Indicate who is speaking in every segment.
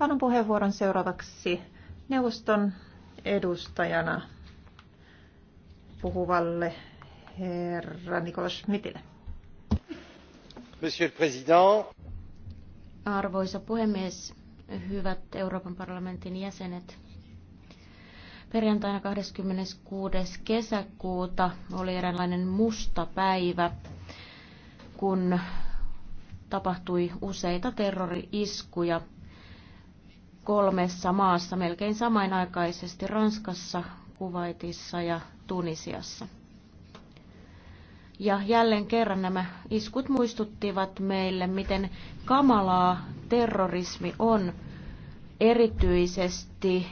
Speaker 1: Annan puheenvuoron seuraavaksi neuvoston edustajana puhuvalle herra
Speaker 2: Nikolas Schmidtille.
Speaker 3: Monsieur le Président.
Speaker 2: Arvoisa puhemies, hyvät Euroopan parlamentin jäsenet. Perjantaina 26. kesäkuuta oli eräänlainen musta päivä, kun tapahtui useita terrori-iskuja kolmessa maassa melkein samanaikaisesti Ranskassa, Kuvaitissa ja Tunisiassa. Ja jälleen kerran nämä iskut muistuttivat meille, miten kamalaa terrorismi on, erityisesti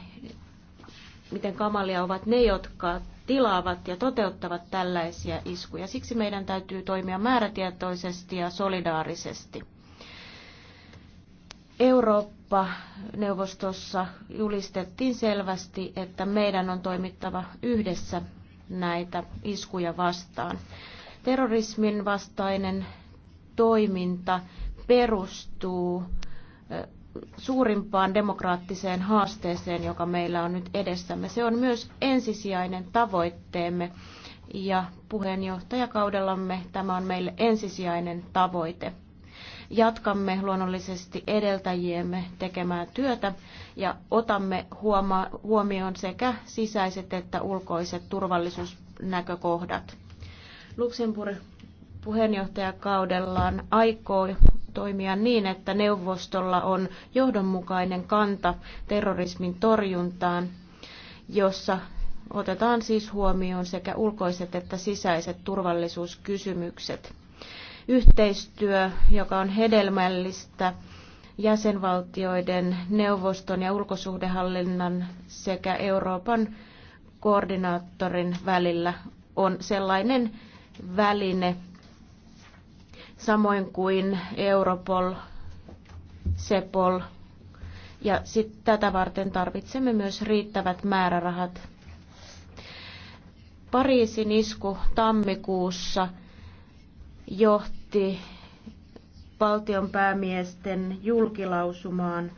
Speaker 2: miten kamalia ovat ne, jotka tilaavat ja toteuttavat tällaisia iskuja. Siksi meidän täytyy toimia määrätietoisesti ja solidaarisesti. Eurooppa-neuvostossa julistettiin selvästi, että meidän on toimittava yhdessä näitä iskuja vastaan. Terrorismin vastainen toiminta perustuu suurimpaan demokraattiseen haasteeseen, joka meillä on nyt edessämme. Se on myös ensisijainen tavoitteemme ja puheenjohtajakaudellamme tämä on meille ensisijainen tavoite. Jatkamme luonnollisesti edeltäjiemme tekemää työtä ja otamme huomioon sekä sisäiset että ulkoiset turvallisuusnäkökohdat. Luxemburg puheenjohtajakaudellaan aikoo toimia niin, että neuvostolla on johdonmukainen kanta terrorismin torjuntaan, jossa otetaan siis huomioon sekä ulkoiset että sisäiset turvallisuuskysymykset yhteistyö, joka on hedelmällistä jäsenvaltioiden, neuvoston ja ulkosuhdehallinnan sekä Euroopan koordinaattorin välillä on sellainen väline, samoin kuin Europol, Sepol. Ja sit tätä varten tarvitsemme myös riittävät määrärahat. Pariisin isku tammikuussa johti viitti valtion päämiesten julkilausumaan,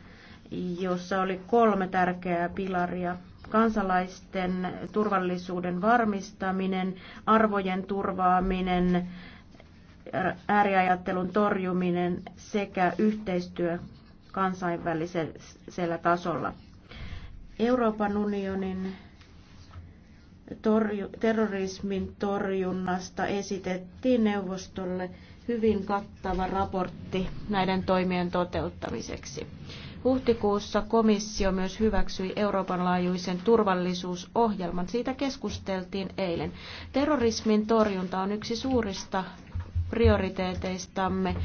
Speaker 2: jossa oli kolme tärkeää pilaria. Kansalaisten turvallisuuden varmistaminen, arvojen turvaaminen, ääriajattelun torjuminen sekä yhteistyö kansainvälisellä tasolla. Euroopan unionin torju, terrorismin torjunnasta esitettiin neuvostolle hyvin kattava raportti näiden toimien toteuttamiseksi. Huhtikuussa komissio myös hyväksyi Euroopan laajuisen turvallisuusohjelman. Siitä keskusteltiin eilen. Terrorismin torjunta on yksi suurista prioriteeteistamme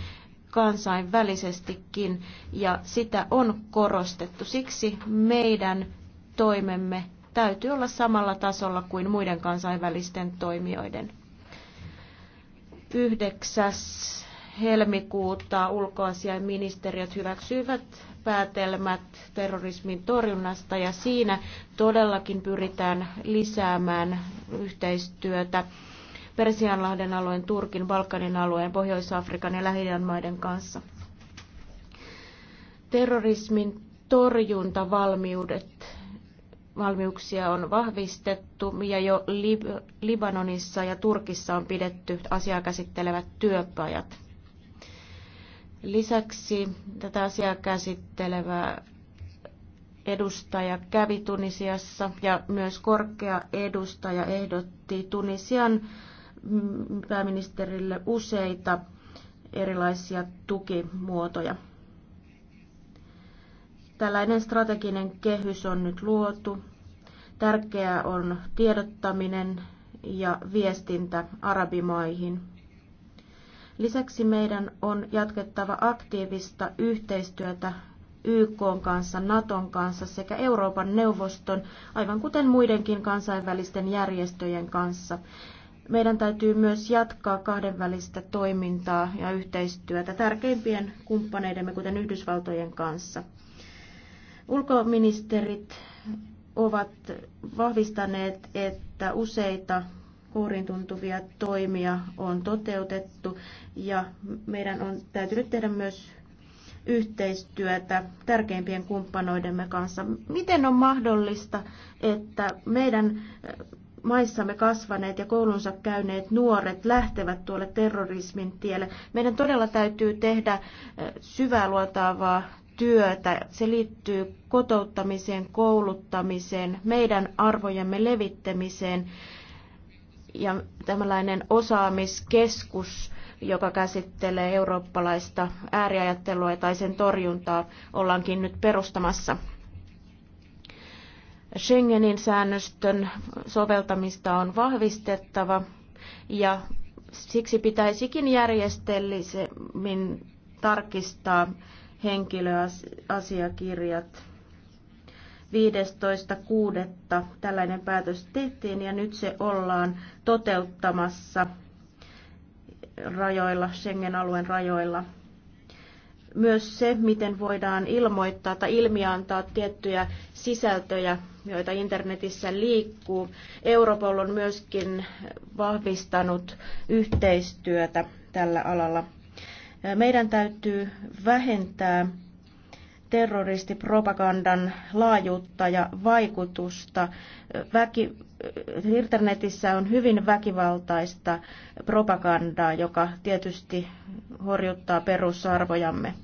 Speaker 2: kansainvälisestikin ja sitä on korostettu. Siksi meidän toimemme täytyy olla samalla tasolla kuin muiden kansainvälisten toimijoiden. 9. helmikuuta ulkoasiainministeriöt hyväksyivät päätelmät terrorismin torjunnasta ja siinä todellakin pyritään lisäämään yhteistyötä Persianlahden alueen, Turkin, Balkanin alueen, Pohjois-Afrikan ja lähi maiden kanssa. Terrorismin torjuntavalmiudet valmiuksia on vahvistettu ja jo Lib- Libanonissa ja Turkissa on pidetty asiaa käsittelevät työpajat. Lisäksi tätä asiaa käsittelevä edustaja kävi Tunisiassa ja myös korkea edustaja ehdotti Tunisian pääministerille useita erilaisia tukimuotoja. Tällainen strateginen kehys on nyt luotu. Tärkeää on tiedottaminen ja viestintä arabimaihin. Lisäksi meidän on jatkettava aktiivista yhteistyötä YK kanssa, Naton kanssa sekä Euroopan neuvoston, aivan kuten muidenkin kansainvälisten järjestöjen kanssa. Meidän täytyy myös jatkaa kahdenvälistä toimintaa ja yhteistyötä tärkeimpien kumppaneidemme, kuten Yhdysvaltojen kanssa. Ulkoministerit ovat vahvistaneet, että useita kuurin tuntuvia toimia on toteutettu ja meidän on täytynyt tehdä myös yhteistyötä tärkeimpien kumppanoidemme kanssa. Miten on mahdollista, että meidän eh, maissamme kasvaneet ja koulunsa käyneet nuoret lähtevät tuolle terrorismin tielle? Meidän todella täytyy tehdä eh, syvää luotaavaa työtä. Se liittyy kotouttamiseen, kouluttamiseen, meidän arvojemme levittämiseen ja tämmöinen osaamiskeskus, joka käsittelee eurooppalaista ääriajattelua tai sen torjuntaa, ollaankin nyt perustamassa. Schengenin säännöstön soveltamista on vahvistettava ja siksi pitäisikin järjestelmisemmin tarkistaa henkilöasiakirjat. 15.6. tällainen päätös tehtiin ja nyt se ollaan toteuttamassa rajoilla, Schengen-alueen rajoilla. Myös se, miten voidaan ilmoittaa tai ilmiantaa tiettyjä sisältöjä, joita internetissä liikkuu. Europol on myöskin vahvistanut yhteistyötä tällä alalla. Meidän täytyy vähentää terroristipropagandan laajuutta ja vaikutusta. Väki, internetissä on hyvin väkivaltaista propagandaa, joka tietysti horjuttaa perusarvojamme.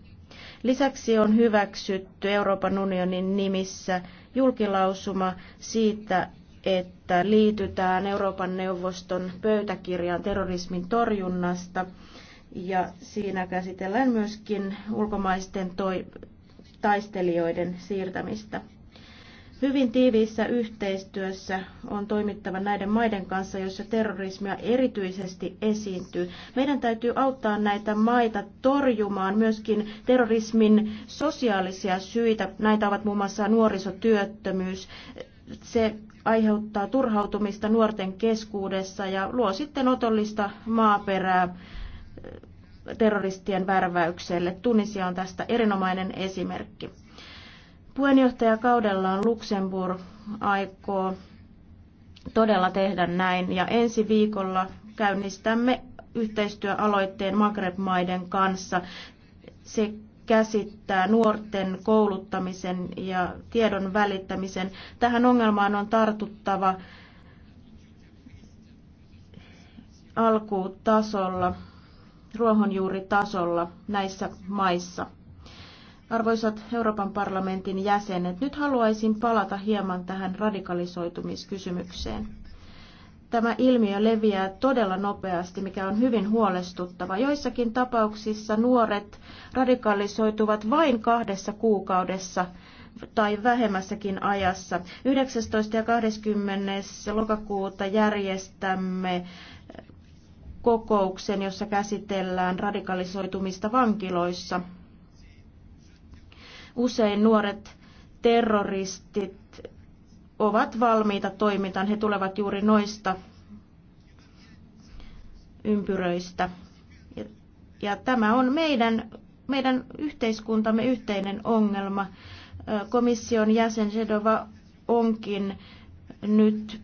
Speaker 2: Lisäksi on hyväksytty Euroopan unionin nimissä julkilausuma siitä, että liitytään Euroopan neuvoston pöytäkirjaan terrorismin torjunnasta – ja siinä käsitellään myöskin ulkomaisten toi, taistelijoiden siirtämistä. Hyvin tiiviissä yhteistyössä on toimittava näiden maiden kanssa, joissa terrorismia erityisesti esiintyy. Meidän täytyy auttaa näitä maita torjumaan myöskin terrorismin sosiaalisia syitä. Näitä ovat muun muassa nuorisotyöttömyys. Se aiheuttaa turhautumista nuorten keskuudessa ja luo sitten otollista maaperää terroristien värväykselle. Tunisia on tästä erinomainen esimerkki. Puheenjohtajakaudellaan Luxemburg aikoo todella tehdä näin ja ensi viikolla käynnistämme yhteistyöaloitteen magreb maiden kanssa. Se käsittää nuorten kouluttamisen ja tiedon välittämisen. Tähän ongelmaan on tartuttava alkutasolla ruohonjuuritasolla näissä maissa. Arvoisat Euroopan parlamentin jäsenet, nyt haluaisin palata hieman tähän radikalisoitumiskysymykseen. Tämä ilmiö leviää todella nopeasti, mikä on hyvin huolestuttava. Joissakin tapauksissa nuoret radikalisoituvat vain kahdessa kuukaudessa tai vähemmässäkin ajassa. 19. ja 20. lokakuuta järjestämme kokouksen, jossa käsitellään radikalisoitumista vankiloissa. Usein nuoret terroristit ovat valmiita toimintaan. He tulevat juuri noista ympyröistä. Ja, ja tämä on meidän, meidän yhteiskuntamme yhteinen ongelma. Komission jäsen Sedova onkin nyt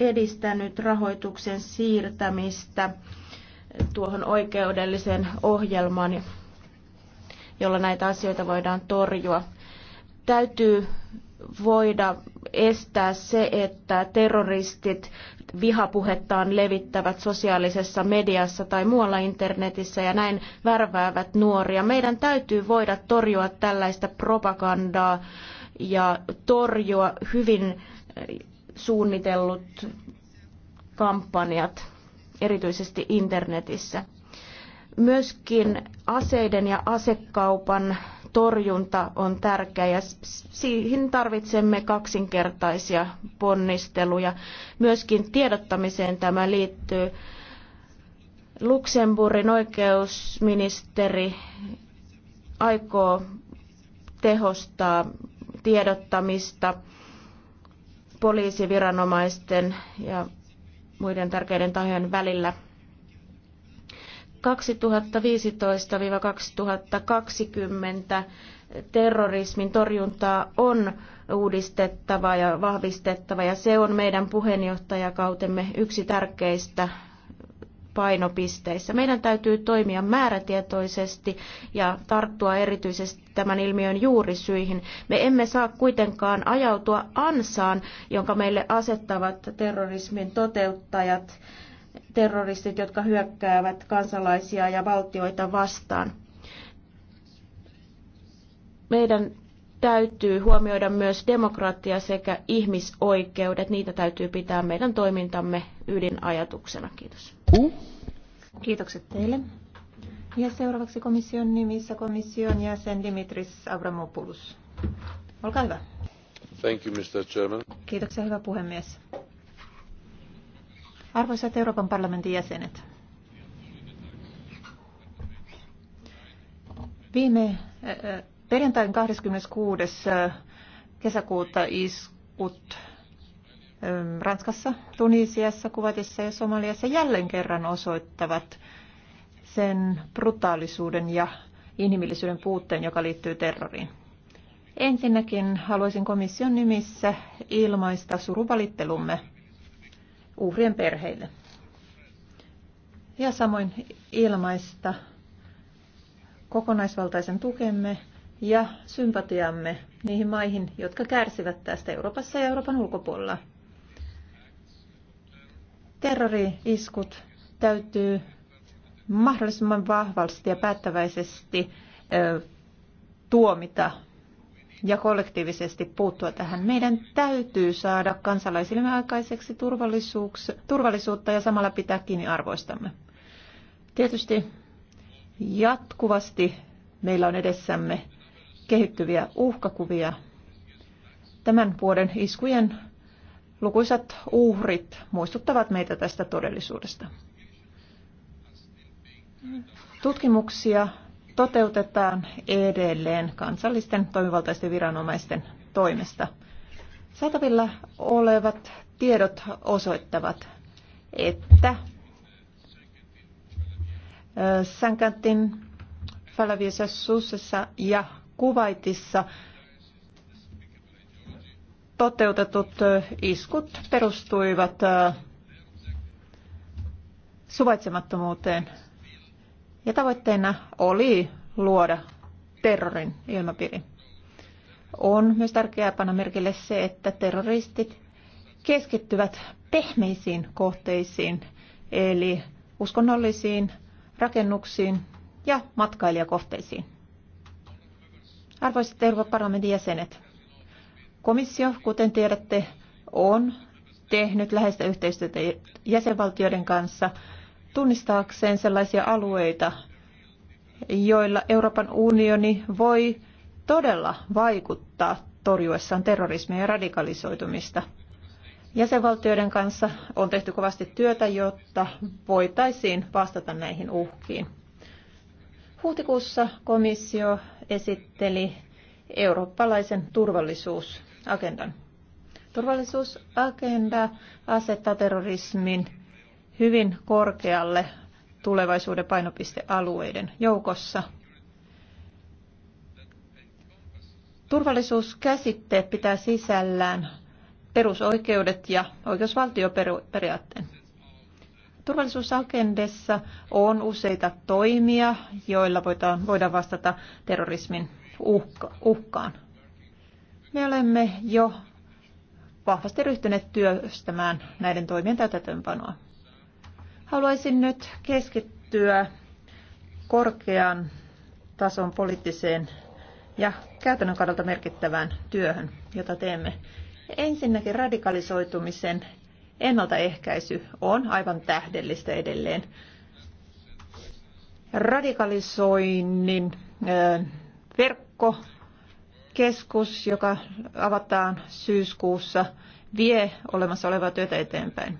Speaker 2: edistänyt rahoituksen siirtämistä tuohon oikeudelliseen ohjelmaan, jolla näitä asioita voidaan torjua. Täytyy voida estää se, että terroristit vihapuhettaan levittävät sosiaalisessa mediassa tai muualla internetissä ja näin värväävät nuoria. Meidän täytyy voida torjua tällaista propagandaa ja torjua hyvin suunnitellut kampanjat, erityisesti internetissä. Myöskin aseiden ja asekaupan torjunta on tärkeä ja siihen tarvitsemme kaksinkertaisia ponnisteluja. Myöskin tiedottamiseen tämä liittyy. Luxemburgin oikeusministeri aikoo tehostaa tiedottamista poliisiviranomaisten ja muiden tärkeiden tahojen välillä. 2015-2020 terrorismin torjuntaa on uudistettava ja vahvistettava ja se on meidän puheenjohtajakautemme yksi tärkeistä painopisteissä. Meidän täytyy toimia määrätietoisesti ja tarttua erityisesti tämän ilmiön juurisyihin. Me emme saa kuitenkaan ajautua ansaan, jonka meille asettavat terrorismin toteuttajat, terroristit, jotka hyökkäävät kansalaisia ja valtioita vastaan. Meidän täytyy huomioida myös demokratia sekä ihmisoikeudet. Niitä täytyy pitää meidän toimintamme ydinajatuksena. Kiitos. Kiitokset teille.
Speaker 1: Ja seuraavaksi komission nimissä komission jäsen Dimitris Avramopoulos. Olkaa hyvä.
Speaker 4: Thank you, Mr. Chairman.
Speaker 1: Kiitoksia, hyvä puhemies. Arvoisat Euroopan parlamentin jäsenet, viime äh, äh, Perjantain 26. kesäkuuta iskut Ranskassa, Tunisiassa, Kuvatissa ja Somaliassa jälleen kerran osoittavat sen brutaalisuuden ja inhimillisyyden puutteen, joka liittyy terroriin. Ensinnäkin haluaisin komission nimissä ilmaista suruvalittelumme uhrien perheille. Ja samoin ilmaista kokonaisvaltaisen tukemme ja sympatiamme niihin maihin, jotka kärsivät tästä Euroopassa ja Euroopan ulkopuolella. Terrori-iskut täytyy mahdollisimman vahvasti ja päättäväisesti tuomita ja kollektiivisesti puuttua tähän. Meidän täytyy saada kansalaisille aikaiseksi turvallisuutta ja samalla pitää kiinni arvoistamme. Tietysti jatkuvasti meillä on edessämme kehittyviä uhkakuvia. Tämän vuoden iskujen lukuisat uhrit muistuttavat meitä tästä todellisuudesta. Tutkimuksia toteutetaan edelleen kansallisten toimivaltaisten viranomaisten toimesta. Saatavilla olevat tiedot osoittavat, että Sankantin Falaviessa Sussessa ja Kuvaitissa toteutetut iskut perustuivat suvaitsemattomuuteen ja tavoitteena oli luoda terrorin ilmapiiri. On myös tärkeää panna merkille se, että terroristit keskittyvät pehmeisiin kohteisiin, eli uskonnollisiin rakennuksiin ja matkailijakohteisiin. Arvoisat Euroopan parlamentin jäsenet, komissio, kuten tiedätte, on tehnyt läheistä yhteistyötä jäsenvaltioiden kanssa tunnistaakseen sellaisia alueita, joilla Euroopan unioni voi todella vaikuttaa torjuessaan terrorismia ja radikalisoitumista. Jäsenvaltioiden kanssa on tehty kovasti työtä, jotta voitaisiin vastata näihin uhkiin. Huhtikuussa komissio esitteli eurooppalaisen turvallisuusagendan. Turvallisuusagenda asettaa terrorismin hyvin korkealle tulevaisuuden painopistealueiden joukossa. Turvallisuuskäsitteet pitää sisällään perusoikeudet ja oikeusvaltioperiaatteen. Turvallisuusagendessa on useita toimia, joilla voidaan, voidaan vastata terrorismin uhka, uhkaan. Me olemme jo vahvasti ryhtyneet työstämään näiden toimien täytäntöönpanoa. Haluaisin nyt keskittyä korkean tason poliittiseen ja käytännön kannalta merkittävään työhön, jota teemme. Ensinnäkin radikalisoitumisen ennaltaehkäisy on aivan tähdellistä edelleen. Radikalisoinnin verkkokeskus, joka avataan syyskuussa, vie olemassa olevaa työtä eteenpäin.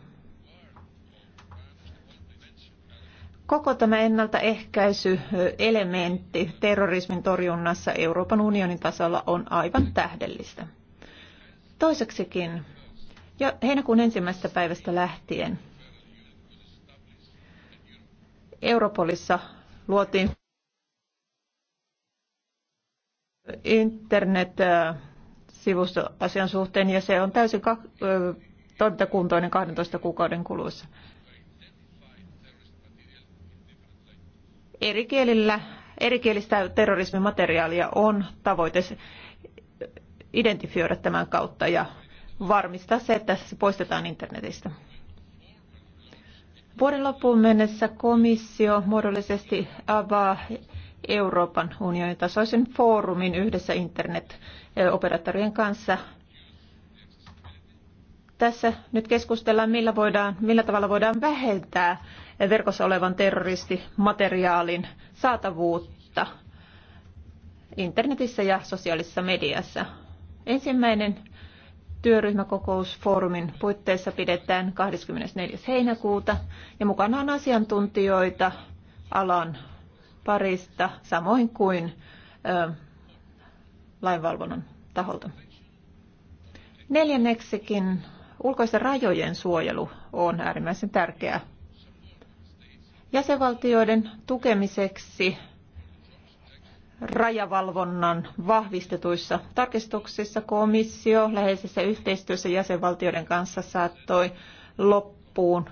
Speaker 1: Koko tämä ennaltaehkäisyelementti terrorismin torjunnassa Euroopan unionin tasolla on aivan tähdellistä. Toiseksikin jo heinäkuun ensimmäisestä päivästä lähtien Europolissa luotiin internet-sivusto asian suhteen ja se on täysin toimintakuntoinen 12 kuukauden kuluessa. Eri kielillä, erikielistä terrorismimateriaalia on tavoite identifioida tämän kautta ja varmistaa se, että se poistetaan internetistä. Vuoden loppuun mennessä komissio muodollisesti avaa Euroopan unionin tasoisen foorumin yhdessä internet-operaattorien kanssa. Tässä nyt keskustellaan, millä, voidaan, millä tavalla voidaan vähentää verkossa olevan terroristimateriaalin saatavuutta internetissä ja sosiaalisessa mediassa. Ensimmäinen työryhmäkokousfoorumin puitteissa pidetään 24. heinäkuuta ja mukana on asiantuntijoita alan parista samoin kuin ö, lainvalvonnan taholta. Neljänneksikin ulkoisten rajojen suojelu on äärimmäisen tärkeää. Jäsenvaltioiden tukemiseksi rajavalvonnan vahvistetuissa tarkistuksissa komissio läheisessä yhteistyössä jäsenvaltioiden kanssa saattoi loppuun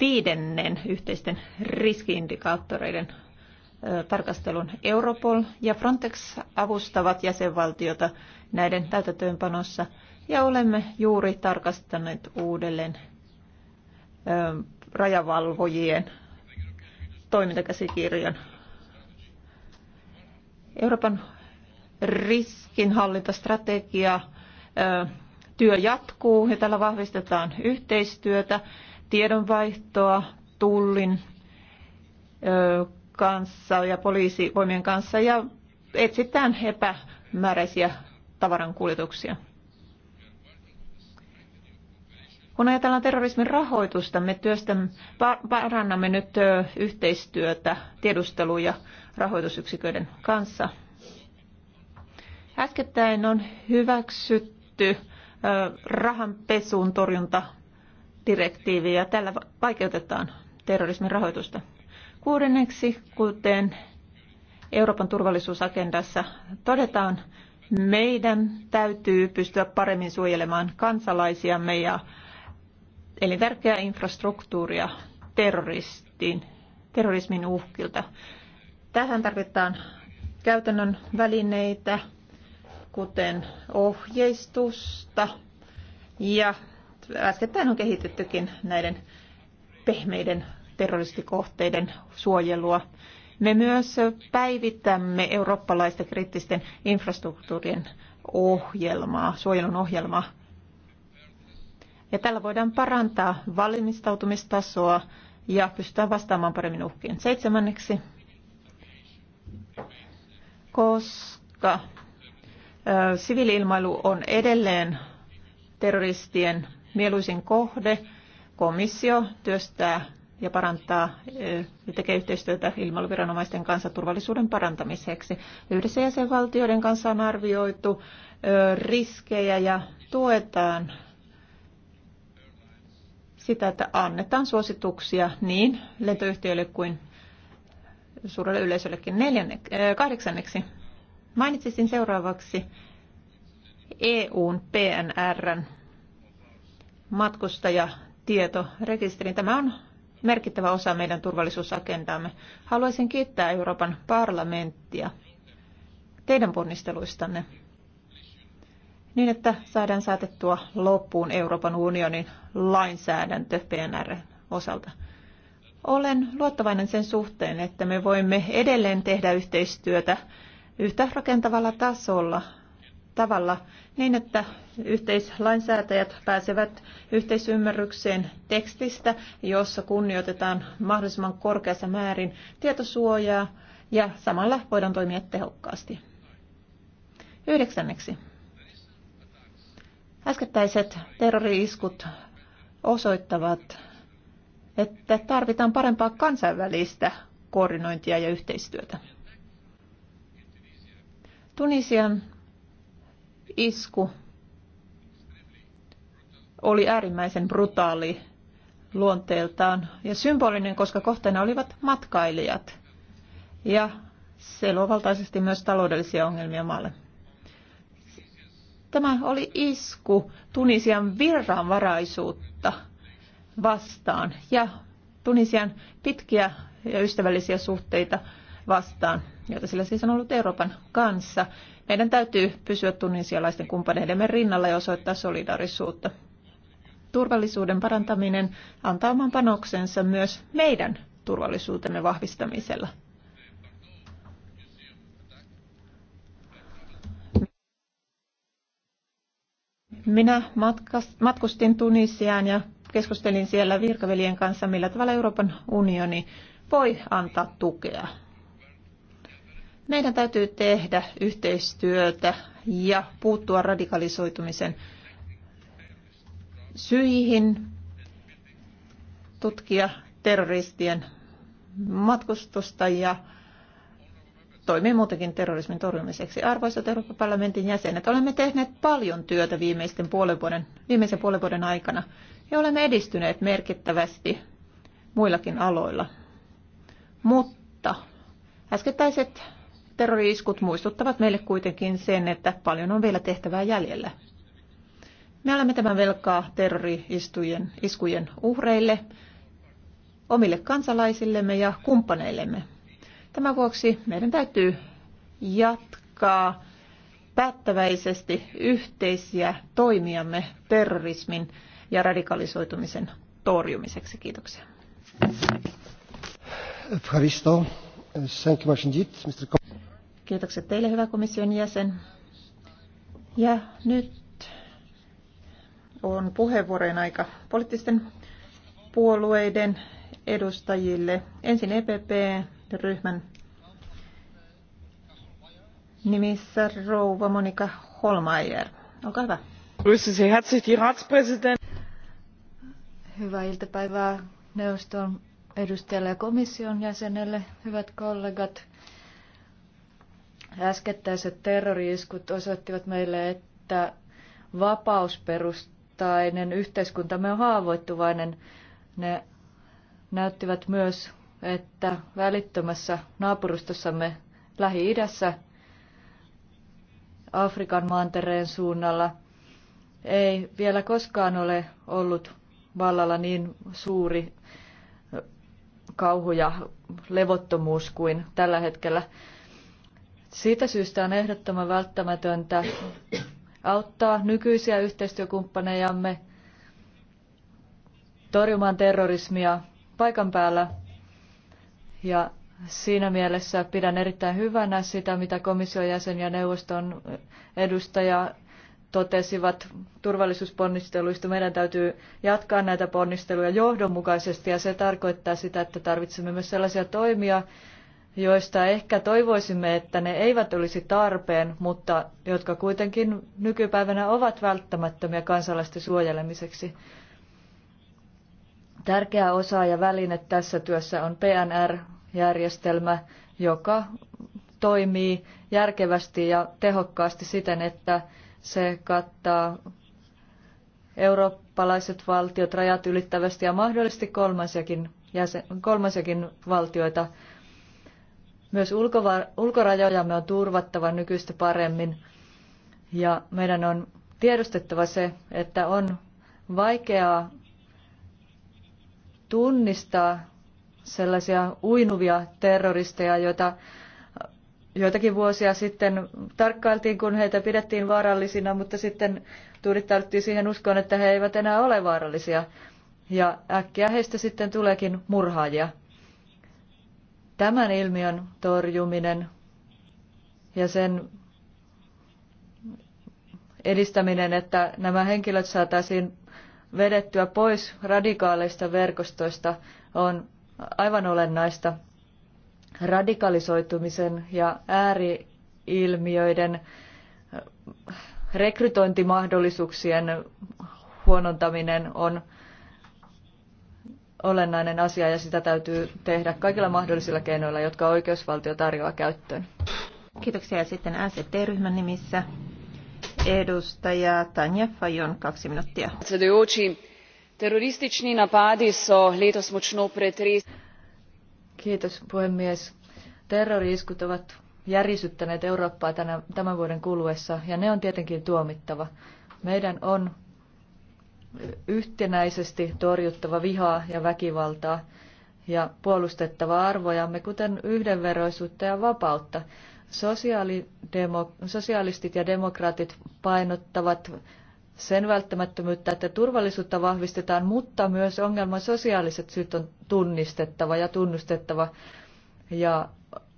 Speaker 1: viidennen yhteisten riskiindikaattoreiden tarkastelun Europol ja Frontex avustavat jäsenvaltiota näiden täytäntöönpanossa ja olemme juuri tarkastaneet uudelleen rajavalvojien toimintakäsikirjan Euroopan riskinhallintastrategia työ jatkuu ja tällä vahvistetaan yhteistyötä, tiedonvaihtoa, tullin kanssa ja poliisivoimien kanssa ja etsitään epämääräisiä tavarankuljetuksia. Kun ajatellaan terrorismin rahoitusta, me työstä parannamme nyt yhteistyötä tiedustelu- ja rahoitusyksiköiden kanssa. Äskettäin on hyväksytty rahanpesun torjuntadirektiivi ja tällä vaikeutetaan terrorismin rahoitusta. Kuudenneksi, kuten Euroopan turvallisuusagendassa todetaan, meidän täytyy pystyä paremmin suojelemaan kansalaisiamme ja eli tärkeää infrastruktuuria terroristin, terrorismin uhkilta. Tähän tarvitaan käytännön välineitä, kuten ohjeistusta ja äskettäin on kehitettykin näiden pehmeiden terroristikohteiden suojelua. Me myös päivitämme eurooppalaisten kriittisten infrastruktuurien ohjelmaa, suojelun ohjelmaa ja tällä voidaan parantaa valmistautumistasoa ja pystytään vastaamaan paremmin uhkiin. Seitsemänneksi, koska ö, siviiliilmailu on edelleen terroristien mieluisin kohde, komissio työstää ja parantaa ja tekee yhteistyötä ilmailuviranomaisten kanssa turvallisuuden parantamiseksi. Yhdessä jäsenvaltioiden kanssa on arvioitu riskejä ja tuetaan sitä, että annetaan suosituksia niin lentoyhtiöille kuin suurelle yleisöllekin neljänne, äh, kahdeksanneksi. Mainitsisin seuraavaksi EUn PNRn matkustajatietorekisterin. Tämä on merkittävä osa meidän turvallisuusagendaamme. Haluaisin kiittää Euroopan parlamenttia teidän ponnisteluistanne niin että saadaan saatettua loppuun Euroopan unionin lainsäädäntö pnr osalta. Olen luottavainen sen suhteen, että me voimme edelleen tehdä yhteistyötä yhtä rakentavalla tasolla tavalla niin, että yhteislainsäätäjät pääsevät yhteisymmärrykseen tekstistä, jossa kunnioitetaan mahdollisimman korkeassa määrin tietosuojaa ja samalla voidaan toimia tehokkaasti. Yhdeksänneksi. Äskettäiset terrori-iskut osoittavat, että tarvitaan parempaa kansainvälistä koordinointia ja yhteistyötä. Tunisian isku oli äärimmäisen brutaali luonteeltaan ja symbolinen, koska kohteena olivat matkailijat ja se luo valtaisesti myös taloudellisia ongelmia maalle. Tämä oli isku Tunisian virranvaraisuutta vastaan ja Tunisian pitkiä ja ystävällisiä suhteita vastaan, joita sillä siis on ollut Euroopan kanssa. Meidän täytyy pysyä tunisialaisten kumppaneidemme rinnalla ja osoittaa solidarisuutta. Turvallisuuden parantaminen antaa oman panoksensa myös meidän turvallisuutemme vahvistamisella. Minä matkustin Tunisiaan ja keskustelin siellä virkavelien kanssa, millä tavalla Euroopan unioni voi antaa tukea. Meidän täytyy tehdä yhteistyötä ja puuttua radikalisoitumisen syihin, tutkia terroristien matkustusta ja toimii muutenkin terrorismin torjumiseksi. Arvoisat Euroopan parlamentin jäsenet, olemme tehneet paljon työtä viimeisten puolen vuoden, viimeisen puolen vuoden aikana ja olemme edistyneet merkittävästi muillakin aloilla. Mutta äskettäiset terroriiskut muistuttavat meille kuitenkin sen, että paljon on vielä tehtävää jäljellä. Me olemme tämän velkaa terroriistujen iskujen uhreille, omille kansalaisillemme ja kumppaneillemme. Tämän vuoksi meidän täytyy jatkaa päättäväisesti yhteisiä toimiamme terrorismin ja radikalisoitumisen torjumiseksi. Kiitoksia. Kiitokset teille, hyvä komission jäsen. Ja nyt on puheenvuorojen aika poliittisten puolueiden edustajille. Ensin EPP, ryhmän nimissä rouva Monika Holmeier. Olkaa hyvä.
Speaker 5: Grüße Sie herzlich die Ratspräsident.
Speaker 3: Hyvää iltapäivää neuvoston edustajalle ja komission jäsenelle, hyvät kollegat. Äskettäiset terroriiskut osoittivat meille, että vapausperustainen yhteiskuntamme on haavoittuvainen. Ne näyttivät myös että välittömässä naapurustossamme Lähi-idässä, Afrikan mantereen suunnalla, ei vielä koskaan ole ollut vallalla niin suuri kauhu ja levottomuus kuin tällä hetkellä. Siitä syystä on ehdottoman välttämätöntä auttaa nykyisiä yhteistyökumppanejamme torjumaan terrorismia paikan päällä ja siinä mielessä pidän erittäin hyvänä sitä, mitä komission jäsen ja neuvoston edustaja totesivat turvallisuusponnisteluista. Meidän täytyy jatkaa näitä ponnisteluja johdonmukaisesti ja se tarkoittaa sitä, että tarvitsemme myös sellaisia toimia, joista ehkä toivoisimme, että ne eivät olisi tarpeen, mutta jotka kuitenkin nykypäivänä ovat välttämättömiä kansalaisten suojelemiseksi. Tärkeä osa ja väline tässä työssä on PNR-järjestelmä, joka toimii järkevästi ja tehokkaasti siten, että se kattaa eurooppalaiset valtiot rajat ylittävästi ja mahdollisesti kolmansiakin, jäsen, kolmansiakin valtioita. Myös ulkova, ulkorajojamme on turvattava nykyistä paremmin ja meidän on tiedostettava se, että on vaikeaa tunnistaa sellaisia uinuvia terroristeja, joita joitakin vuosia sitten tarkkailtiin, kun heitä pidettiin vaarallisina, mutta sitten tuudittauduttiin siihen uskoon, että he eivät enää ole vaarallisia. Ja äkkiä heistä sitten tuleekin murhaajia. Tämän ilmiön torjuminen ja sen edistäminen, että nämä henkilöt saataisiin vedettyä pois radikaaleista verkostoista on aivan olennaista radikalisoitumisen ja ääriilmiöiden äh, rekrytointimahdollisuuksien huonontaminen on olennainen asia ja sitä täytyy tehdä kaikilla mahdollisilla keinoilla, jotka oikeusvaltio tarjoaa käyttöön.
Speaker 1: Kiitoksia ja sitten ST-ryhmän nimissä Edustaja Tanja
Speaker 3: Fajon, kaksi minuuttia. Terroristični napadi so letos močno Kiitos puhemies. Terroriiskut ovat järisyttäneet Eurooppaa tänä, tämän vuoden kuluessa ja ne on tietenkin tuomittava. Meidän on yhtenäisesti torjuttava vihaa ja väkivaltaa ja puolustettava arvojamme, kuten yhdenveroisuutta ja vapautta sosialistit ja demokraatit painottavat sen välttämättömyyttä, että turvallisuutta vahvistetaan, mutta myös ongelman sosiaaliset syyt on tunnistettava ja tunnustettava ja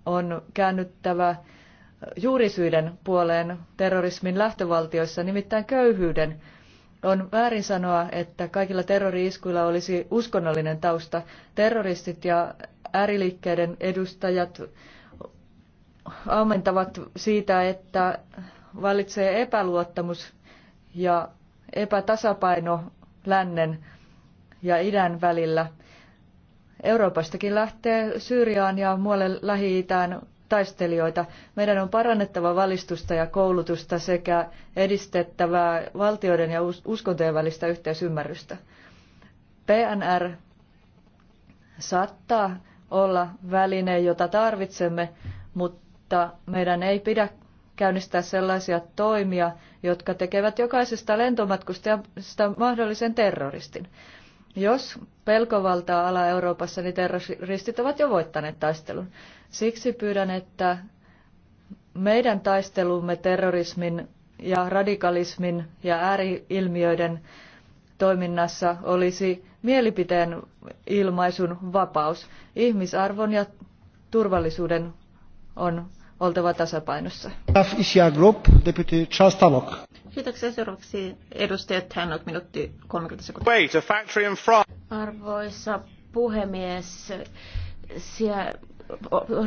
Speaker 3: on käännyttävä juurisyiden puoleen terrorismin lähtövaltioissa, nimittäin köyhyyden. On väärin sanoa, että kaikilla terrori-iskuilla olisi uskonnollinen tausta. Terroristit ja ääriliikkeiden edustajat ammentavat siitä, että vallitsee epäluottamus ja epätasapaino lännen ja idän välillä. Euroopastakin lähtee Syyriaan ja muualle Lähi-Itään taistelijoita. Meidän on parannettava valistusta ja koulutusta sekä edistettävää valtioiden ja uskontojen välistä yhteisymmärrystä. PNR saattaa olla väline, jota tarvitsemme, mutta mutta meidän ei pidä käynnistää sellaisia toimia, jotka tekevät jokaisesta lentomatkustajasta mahdollisen terroristin. Jos pelko valtaa ala Euroopassa, niin terroristit ovat jo voittaneet taistelun. Siksi pyydän, että meidän taistelumme terrorismin ja radikalismin ja ääriilmiöiden toiminnassa olisi mielipiteen ilmaisun vapaus. Ihmisarvon ja turvallisuuden on oltava tasapainossa.
Speaker 1: Kiitoksia seuraavaksi edustaja Tannock, minuutti 30 sekuntia. Wait,
Speaker 3: Arvoisa
Speaker 2: puhemies, siellä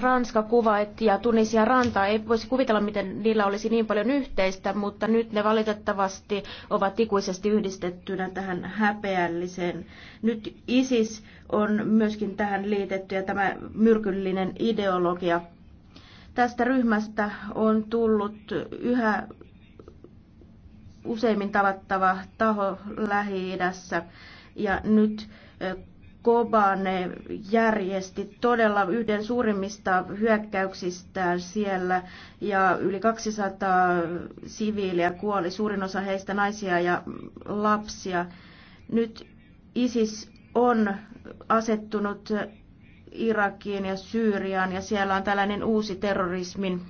Speaker 2: Ranska, Kuwait ja Tunisia ranta, Ei voisi kuvitella, miten niillä olisi niin paljon yhteistä, mutta nyt ne valitettavasti ovat ikuisesti yhdistettynä tähän häpeälliseen. Nyt ISIS on myöskin tähän liitetty ja tämä myrkyllinen ideologia Tästä ryhmästä on tullut yhä useimmin tavattava taho Lähi-idässä ja nyt eh, Kobane järjesti todella yhden suurimmista hyökkäyksistään siellä ja yli 200 siviiliä kuoli, suurin osa heistä naisia ja lapsia. Nyt ISIS on asettunut Irakiin ja Syyriaan ja siellä on tällainen uusi terrorismin,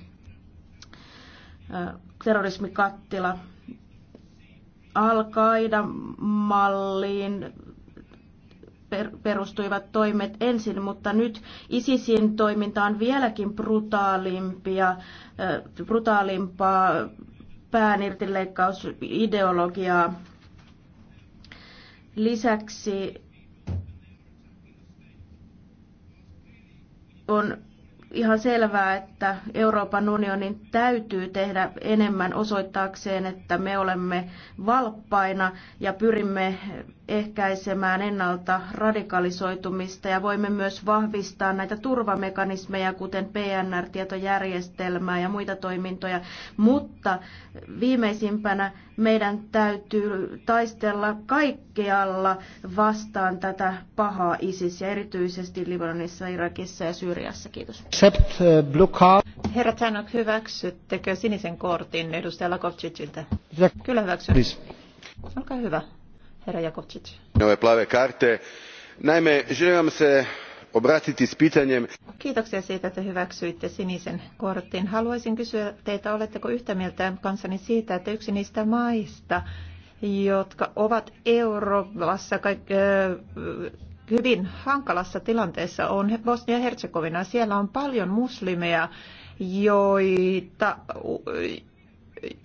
Speaker 2: terrorismikattila. Al-Qaida-malliin perustuivat toimet ensin, mutta nyt ISISin toiminta on vieläkin brutaalimpia, brutaalimpaa päänirtileikkausideologiaa. Lisäksi on ihan selvää, että Euroopan unionin täytyy tehdä enemmän osoittaakseen, että me olemme valppaina ja pyrimme ehkäisemään ennalta radikalisoitumista ja voimme myös vahvistaa näitä turvamekanismeja, kuten PNR-tietojärjestelmää ja muita toimintoja. Mutta viimeisimpänä meidän täytyy taistella kaikkialla vastaan tätä pahaa ISIS ja erityisesti Libanonissa, Irakissa ja Syyriassa. Kiitos.
Speaker 5: Uh,
Speaker 2: Herra
Speaker 1: Tanok, hyväksyttekö sinisen kortin edustaja Lakovcicilta? Kyllä hyväksyn. Olkaa hyvä.
Speaker 2: Ove plave karte. Naime, želim vam
Speaker 5: se obratiti s pitanjem.
Speaker 1: Kiitoksia siitä, että hyväksyitte sinisen kortin. Haluaisin kysyä teiltä, oletteko yhtä mieltä kanssani siitä, että yksi niistä maista, jotka ovat Euroopassa kaik, hyvin hankalassa tilanteessa, on Bosnia-Herzegovina. Siellä on paljon muslimeja, joita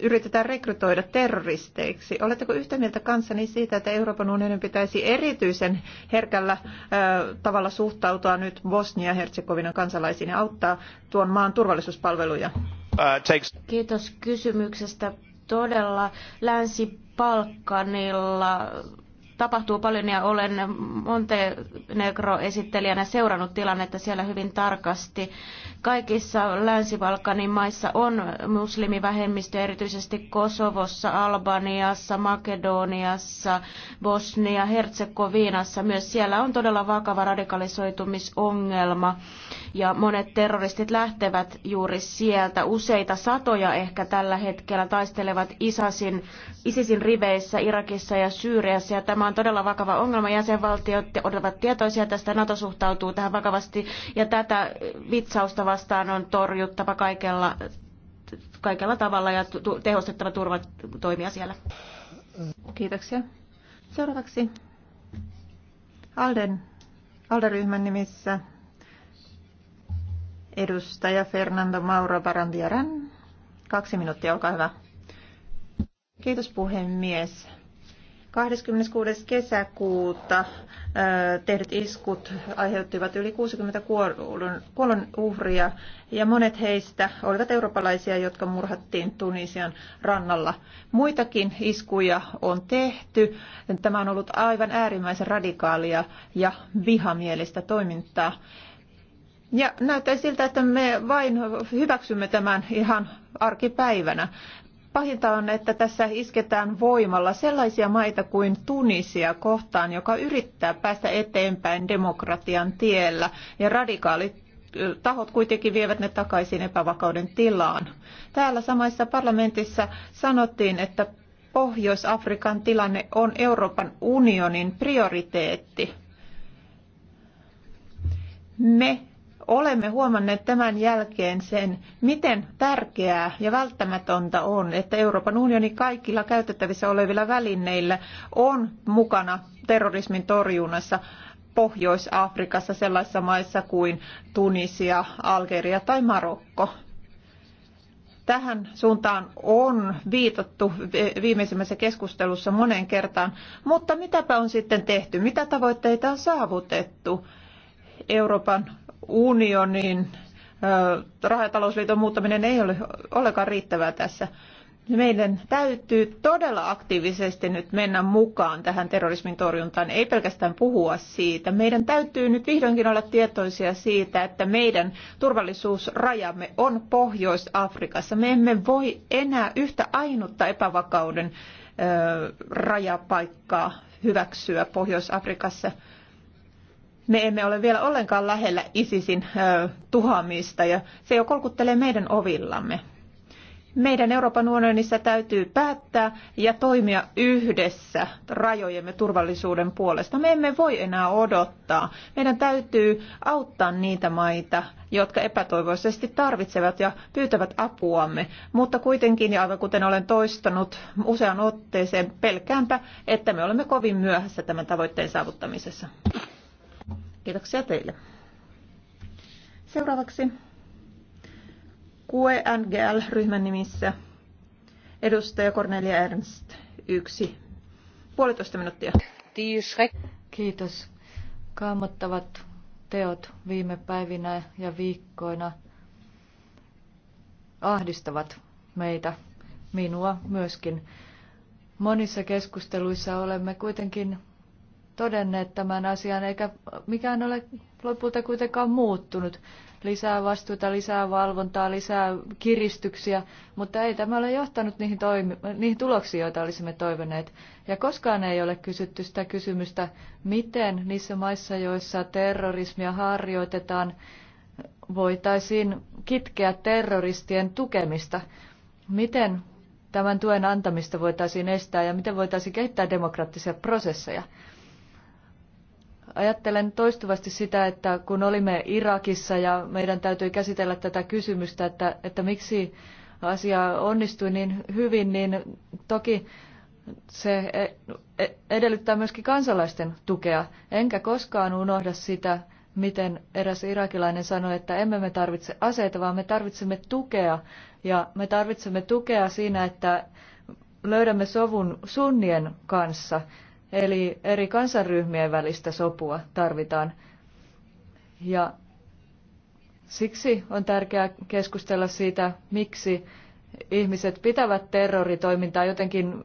Speaker 1: yritetään rekrytoida terroristeiksi. Oletteko yhtä mieltä kanssani siitä, että Euroopan unionin pitäisi erityisen herkällä tavalla suhtautua nyt Bosnia-Herzegovinan kansalaisiin ja auttaa tuon maan turvallisuuspalveluja? Uh,
Speaker 2: Kiitos kysymyksestä. Todella Länsi-Balkanilla tapahtuu paljon ja olen Montenegro-esittelijänä seurannut tilannetta siellä hyvin tarkasti. Kaikissa Länsi-Balkanin maissa on muslimivähemmistö, erityisesti Kosovossa, Albaniassa, Makedoniassa, Bosnia, Herzegovinassa. Myös siellä on todella vakava radikalisoitumisongelma ja monet terroristit lähtevät juuri sieltä. Useita satoja ehkä tällä hetkellä taistelevat ISASin, ISISin riveissä Irakissa ja Syyriassa ja tämä on todella vakava ongelma. Jäsenvaltiot ovat tietoisia tästä, NATO suhtautuu tähän vakavasti ja tätä vitsausta vastaan on torjuttava kaikella kaikella tavalla ja tehostettava turvatoimia siellä.
Speaker 1: Kiitoksia. Seuraavaksi Alden, Alden-ryhmän nimissä Edustaja Fernando Mauro Barandiaran. Kaksi minuuttia, olkaa hyvä. Kiitos puhemies. 26. kesäkuuta tehdyt iskut aiheuttivat yli 60 kuollon uhria ja monet heistä olivat eurooppalaisia, jotka murhattiin Tunisian rannalla. Muitakin iskuja on tehty. Tämä on ollut aivan äärimmäisen radikaalia ja vihamielistä toimintaa. Ja näyttää siltä, että me vain hyväksymme tämän ihan arkipäivänä. Pahinta on, että tässä isketään voimalla sellaisia maita kuin Tunisia kohtaan, joka yrittää päästä eteenpäin demokratian tiellä ja radikaalit tahot kuitenkin vievät ne takaisin epävakauden tilaan. Täällä samassa parlamentissa sanottiin, että Pohjois-Afrikan tilanne on Euroopan unionin prioriteetti. Me Olemme huomanneet tämän jälkeen sen, miten tärkeää ja välttämätöntä on, että Euroopan unionin kaikilla käytettävissä olevilla välineillä on mukana terrorismin torjunnassa Pohjois-Afrikassa sellaisissa maissa kuin Tunisia, Algeria tai Marokko. Tähän suuntaan on viitattu viimeisimmässä keskustelussa moneen kertaan, mutta mitäpä on sitten tehty? Mitä tavoitteita on saavutettu? Euroopan unionin rahatalousliiton muuttaminen ei ole ollenkaan riittävää tässä. Meidän täytyy todella aktiivisesti nyt mennä mukaan tähän terrorismin torjuntaan, ei pelkästään puhua siitä. Meidän täytyy nyt vihdoinkin olla tietoisia siitä, että meidän turvallisuusrajamme on Pohjois-Afrikassa. Me emme voi enää yhtä ainutta epävakauden rajapaikkaa hyväksyä Pohjois-Afrikassa me emme ole vielä ollenkaan lähellä ISISin tuhamista ja se jo kolkuttelee meidän ovillamme. Meidän Euroopan unionissa täytyy päättää ja toimia yhdessä rajojemme turvallisuuden puolesta. Me emme voi enää odottaa. Meidän täytyy auttaa niitä maita, jotka epätoivoisesti tarvitsevat ja pyytävät apuamme. Mutta kuitenkin, ja aivan kuten olen toistanut usean otteeseen, pelkäänpä, että me olemme kovin myöhässä tämän tavoitteen saavuttamisessa. Kiitoksia teille. Seuraavaksi QNGL-ryhmän nimissä edustaja Cornelia Ernst, yksi
Speaker 3: puolitoista minuuttia. Kiitos. Kaamottavat teot viime päivinä ja viikkoina ahdistavat meitä, minua myöskin. Monissa keskusteluissa olemme kuitenkin todenneet tämän asian, eikä mikään ole lopulta kuitenkaan muuttunut. Lisää vastuuta, lisää valvontaa, lisää kiristyksiä, mutta ei tämä ole johtanut niihin, toimi, niihin tuloksiin, joita olisimme toivoneet. Ja koskaan ei ole kysytty sitä kysymystä, miten niissä maissa, joissa terrorismia harjoitetaan, voitaisiin kitkeä terroristien tukemista. Miten tämän tuen antamista voitaisiin estää ja miten voitaisiin kehittää demokraattisia prosesseja. Ajattelen toistuvasti sitä, että kun olimme Irakissa ja meidän täytyi käsitellä tätä kysymystä, että, että miksi asia onnistui niin hyvin, niin toki se e, e, edellyttää myöskin kansalaisten tukea. Enkä koskaan unohda sitä, miten eräs irakilainen sanoi, että emme me tarvitse aseita, vaan me tarvitsemme tukea. Ja me tarvitsemme tukea siinä, että löydämme sovun sunnien kanssa. Eli eri kansanryhmien välistä sopua tarvitaan. Ja siksi on tärkeää keskustella siitä, miksi ihmiset pitävät terroritoimintaa jotenkin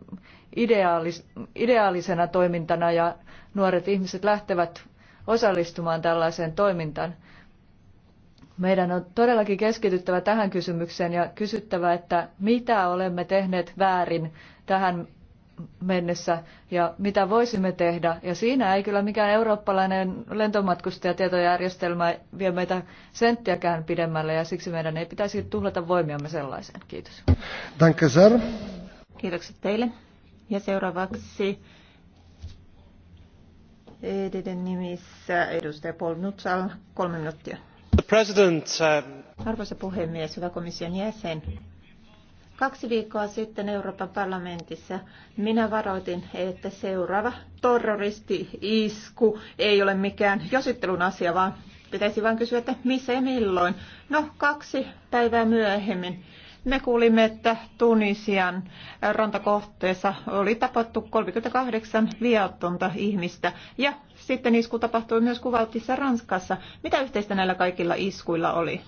Speaker 3: ideaalis- ideaalisena toimintana ja nuoret ihmiset lähtevät osallistumaan tällaiseen toimintaan. Meidän on todellakin keskityttävä tähän kysymykseen ja kysyttävä, että mitä olemme tehneet väärin tähän mennessä ja mitä voisimme tehdä. Ja siinä ei kyllä mikään eurooppalainen lentomatkustajatietojärjestelmä vie meitä senttiäkään pidemmälle ja siksi meidän ei pitäisi tuhlata voimiamme sellaiseen. Kiitos. Danke sehr. Kiitokset teille. Ja seuraavaksi
Speaker 1: Ededen nimissä edustaja Paul Nutsal, kolme minuuttia. Uh, Arvoisa puhemies, hyvä komission jäsen. Kaksi viikkoa sitten Euroopan parlamentissa minä varoitin, että seuraava terroristi-isku ei ole mikään josittelun asia, vaan pitäisi vain kysyä, että missä ja milloin. No, kaksi päivää myöhemmin me kuulimme, että Tunisian rantakohteessa oli tapattu 38 viattonta ihmistä. Ja sitten isku tapahtui myös Kuvautissa Ranskassa. Mitä yhteistä näillä kaikilla iskuilla oli?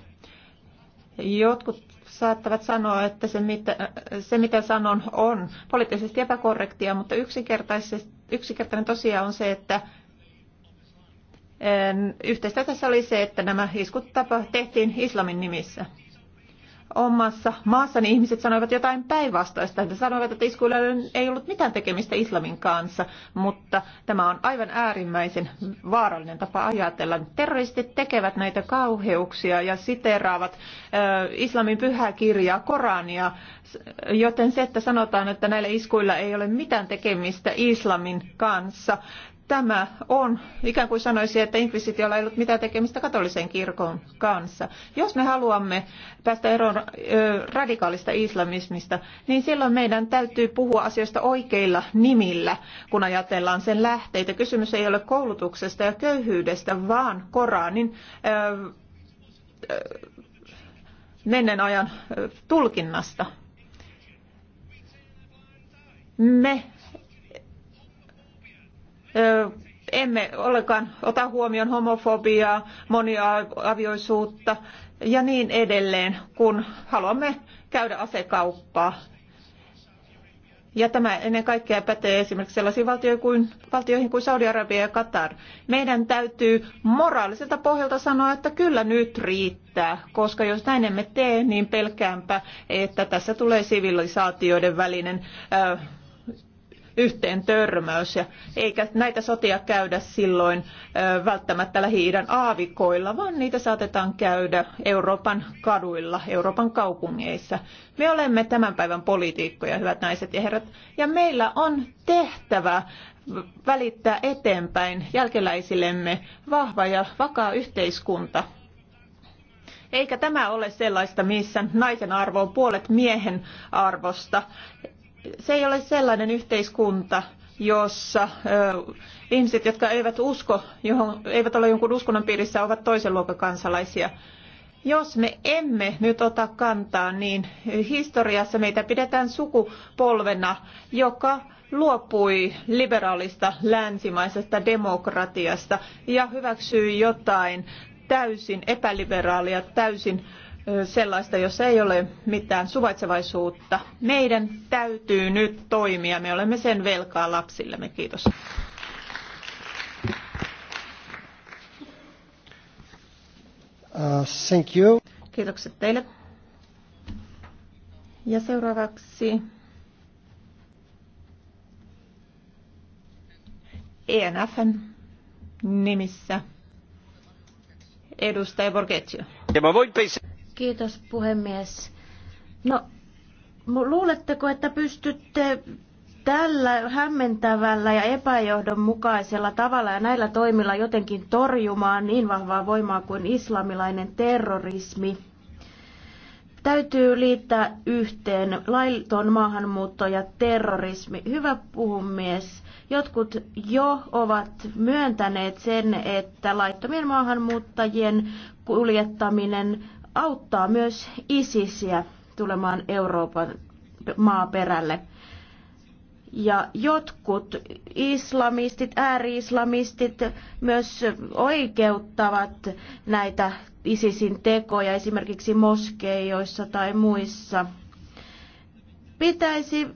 Speaker 1: Jotkut saattavat sanoa, että se mitä, se mitä sanon on poliittisesti epäkorrektia, mutta yksinkertainen tosia on se, että yhteistä tässä oli se, että nämä iskut tehtiin islamin nimissä omassa maassani ihmiset sanoivat jotain päinvastaista. He sanoivat, että iskuilla ei ollut mitään tekemistä islamin kanssa, mutta tämä on aivan äärimmäisen vaarallinen tapa ajatella. Terroristit tekevät näitä kauheuksia ja siteraavat islamin pyhää kirjaa, Korania, joten se, että sanotaan, että näillä iskuilla ei ole mitään tekemistä islamin kanssa, tämä on, ikään kuin sanoisi, että inkvisitiolla ei ollut mitään tekemistä katolisen kirkon kanssa. Jos me haluamme päästä eroon radikaalista islamismista, niin silloin meidän täytyy puhua asioista oikeilla nimillä, kun ajatellaan sen lähteitä. Kysymys ei ole koulutuksesta ja köyhyydestä, vaan Koranin menneen ajan tulkinnasta. Me emme ollenkaan ota huomioon homofobiaa, moniavioisuutta ja niin edelleen, kun haluamme käydä asekauppaa. Ja tämä ennen kaikkea pätee esimerkiksi sellaisiin valtioihin kuin, valtioihin kuin Saudi-Arabia ja Katar. Meidän täytyy moraaliselta pohjalta sanoa, että kyllä nyt riittää, koska jos näin emme tee, niin pelkäänpä, että tässä tulee sivilisaatioiden välinen äh, yhteen törmäys. Ja eikä näitä sotia käydä silloin välttämättä lähi aavikoilla, vaan niitä saatetaan käydä Euroopan kaduilla, Euroopan kaupungeissa. Me olemme tämän päivän poliitikkoja, hyvät naiset ja herrat, ja meillä on tehtävä välittää eteenpäin jälkeläisillemme vahva ja vakaa yhteiskunta. Eikä tämä ole sellaista, missä naisen arvo on puolet miehen arvosta, se ei ole sellainen yhteiskunta, jossa ö, ihmiset, jotka eivät usko, johon, eivät ole jonkun uskonnon piirissä, ovat toisen luokan kansalaisia. Jos me emme nyt ota kantaa, niin historiassa meitä pidetään sukupolvena, joka luopui liberaalista länsimaisesta demokratiasta ja hyväksyi jotain täysin epäliberaalia, täysin sellaista, jossa ei ole mitään suvaitsevaisuutta. Meidän täytyy nyt toimia. Me olemme sen velkaa lapsillemme. Kiitos.
Speaker 5: Uh, thank you.
Speaker 1: Kiitokset teille. Ja seuraavaksi ENFn nimissä
Speaker 2: edustaja Borgetio. Kiitos puhemies. No, luuletteko, että pystytte tällä hämmentävällä ja epäjohdonmukaisella tavalla ja näillä toimilla jotenkin torjumaan niin vahvaa voimaa kuin islamilainen terrorismi? Täytyy liittää yhteen laiton maahanmuutto ja terrorismi. Hyvä puhumies, jotkut jo ovat myöntäneet sen, että laittomien maahanmuuttajien kuljettaminen auttaa myös ISISiä tulemaan Euroopan maaperälle. Ja jotkut islamistit, ääri-islamistit myös oikeuttavat näitä ISISin tekoja esimerkiksi moskeijoissa tai muissa. Pitäisi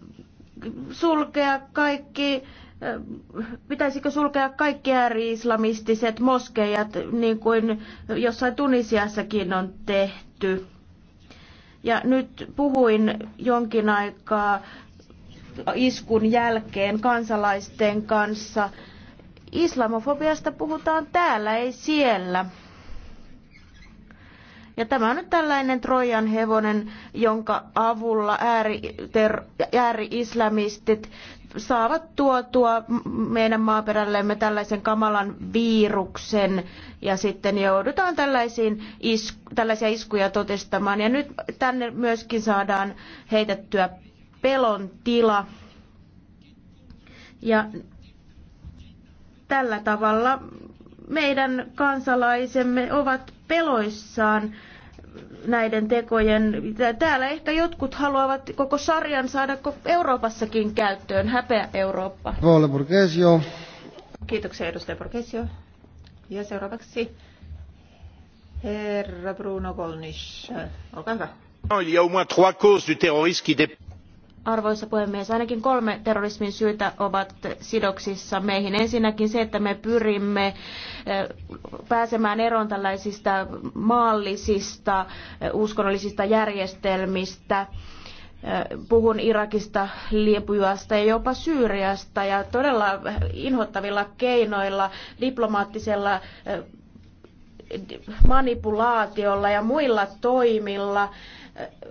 Speaker 2: sulkea kaikki pitäisikö sulkea kaikki ääri-islamistiset moskeijat, niin kuin jossain Tunisiassakin on tehty. Ja nyt puhuin jonkin aikaa iskun jälkeen kansalaisten kanssa. Islamofobiasta puhutaan täällä, ei siellä. Ja tämä on nyt tällainen Trojan hevonen, jonka avulla ääri-islamistit saavat tuotua meidän maaperällemme tällaisen kamalan viruksen ja sitten joudutaan tällaisiin isku, tällaisia iskuja todistamaan. Ja nyt tänne myöskin saadaan heitettyä pelon tila. Ja tällä tavalla meidän kansalaisemme ovat peloissaan näiden tekojen. Täällä ehkä jotkut haluavat koko sarjan saada Euroopassakin käyttöön. Häpeä Eurooppa. Kiitoksia edustaja Borgesio. Ja seuraavaksi herra Bruno Golnisch. Olkaa hyvä.
Speaker 3: Il y a au moins trois causes du terrorisme qui dépendent.
Speaker 2: Arvoisa puhemies, ainakin kolme terrorismin syytä ovat sidoksissa meihin. Ensinnäkin se, että me pyrimme eh, pääsemään eroon tällaisista maallisista eh, uskonnollisista järjestelmistä. Eh, puhun Irakista, Liepujasta ja jopa Syyriasta ja todella inhottavilla keinoilla, diplomaattisella manipulaatiolla ja muilla toimilla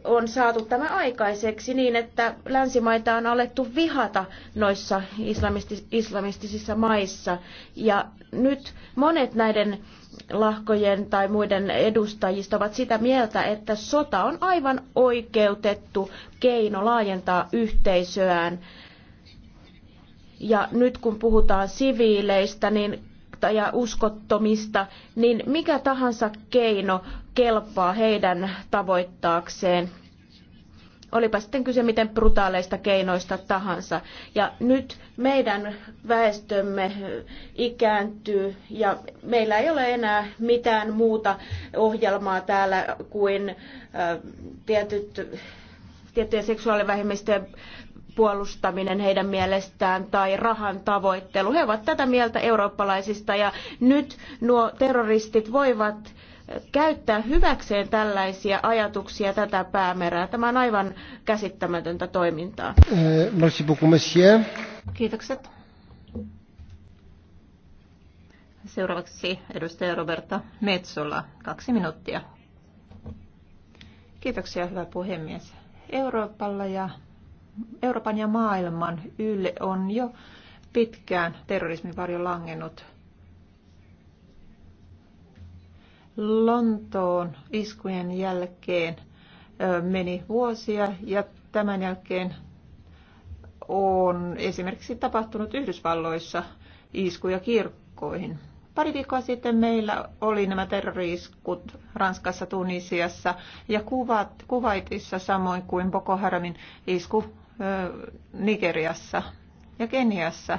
Speaker 2: on saatu tämä aikaiseksi niin, että länsimaita on alettu vihata noissa islamisti, islamistisissa maissa. Ja nyt monet näiden lahkojen tai muiden edustajista ovat sitä mieltä, että sota on aivan oikeutettu keino laajentaa yhteisöään. Ja nyt kun puhutaan siviileistä, niin ja uskottomista, niin mikä tahansa keino kelpaa heidän tavoittaakseen. Olipa sitten kyse miten brutaaleista keinoista tahansa. Ja nyt meidän väestömme ikääntyy ja meillä ei ole enää mitään muuta ohjelmaa täällä kuin tietyt, tiettyjen seksuaalivähemmistöjen puolustaminen heidän mielestään tai rahan tavoittelu. He ovat tätä mieltä eurooppalaisista ja nyt nuo terroristit voivat käyttää hyväkseen tällaisia ajatuksia tätä päämerää. Tämä on aivan käsittämätöntä toimintaa.
Speaker 5: Eh, merci beaucoup, monsieur.
Speaker 2: Kiitokset. Seuraavaksi edustaja Roberta
Speaker 1: Metsola, kaksi minuuttia. Kiitoksia, hyvä puhemies. Euroopalla ja Euroopan ja maailman ylle on jo pitkään terrorismin varjo langennut. Lontoon iskujen jälkeen meni vuosia ja tämän jälkeen on esimerkiksi tapahtunut Yhdysvalloissa iskuja kirkkoihin. Pari viikkoa sitten meillä oli nämä terroriiskut Ranskassa, Tunisiassa ja Kuvat, Kuvaitissa samoin kuin Boko Haramin isku Nigeriassa ja Keniassa.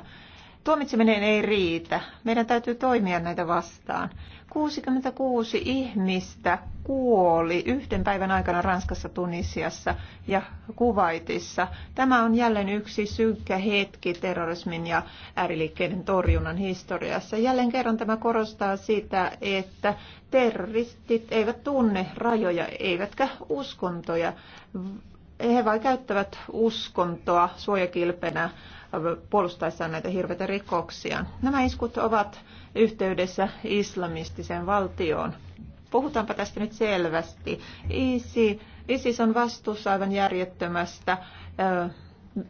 Speaker 1: Tuomitseminen ei riitä. Meidän täytyy toimia näitä vastaan. 66 ihmistä kuoli yhden päivän aikana Ranskassa, Tunisiassa ja Kuvaitissa. Tämä on jälleen yksi synkkä hetki terrorismin ja ääriliikkeiden torjunnan historiassa. Jälleen kerran tämä korostaa sitä, että terroristit eivät tunne rajoja eivätkä uskontoja he vain käyttävät uskontoa suojakilpenä puolustaessaan näitä hirveitä rikoksia. Nämä iskut ovat yhteydessä islamistiseen valtioon. Puhutaanpa tästä nyt selvästi. ISI, ISIS on vastuussa aivan järjettömästä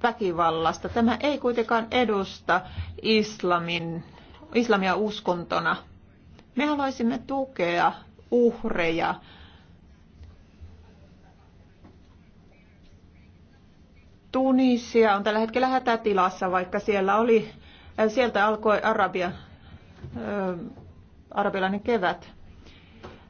Speaker 1: väkivallasta. Tämä ei kuitenkaan edusta islamin, islamia uskontona. Me haluaisimme tukea uhreja, Tunisia on tällä hetkellä hätätilassa, vaikka siellä oli, äh, sieltä alkoi Arabia, ää, äh, arabilainen kevät.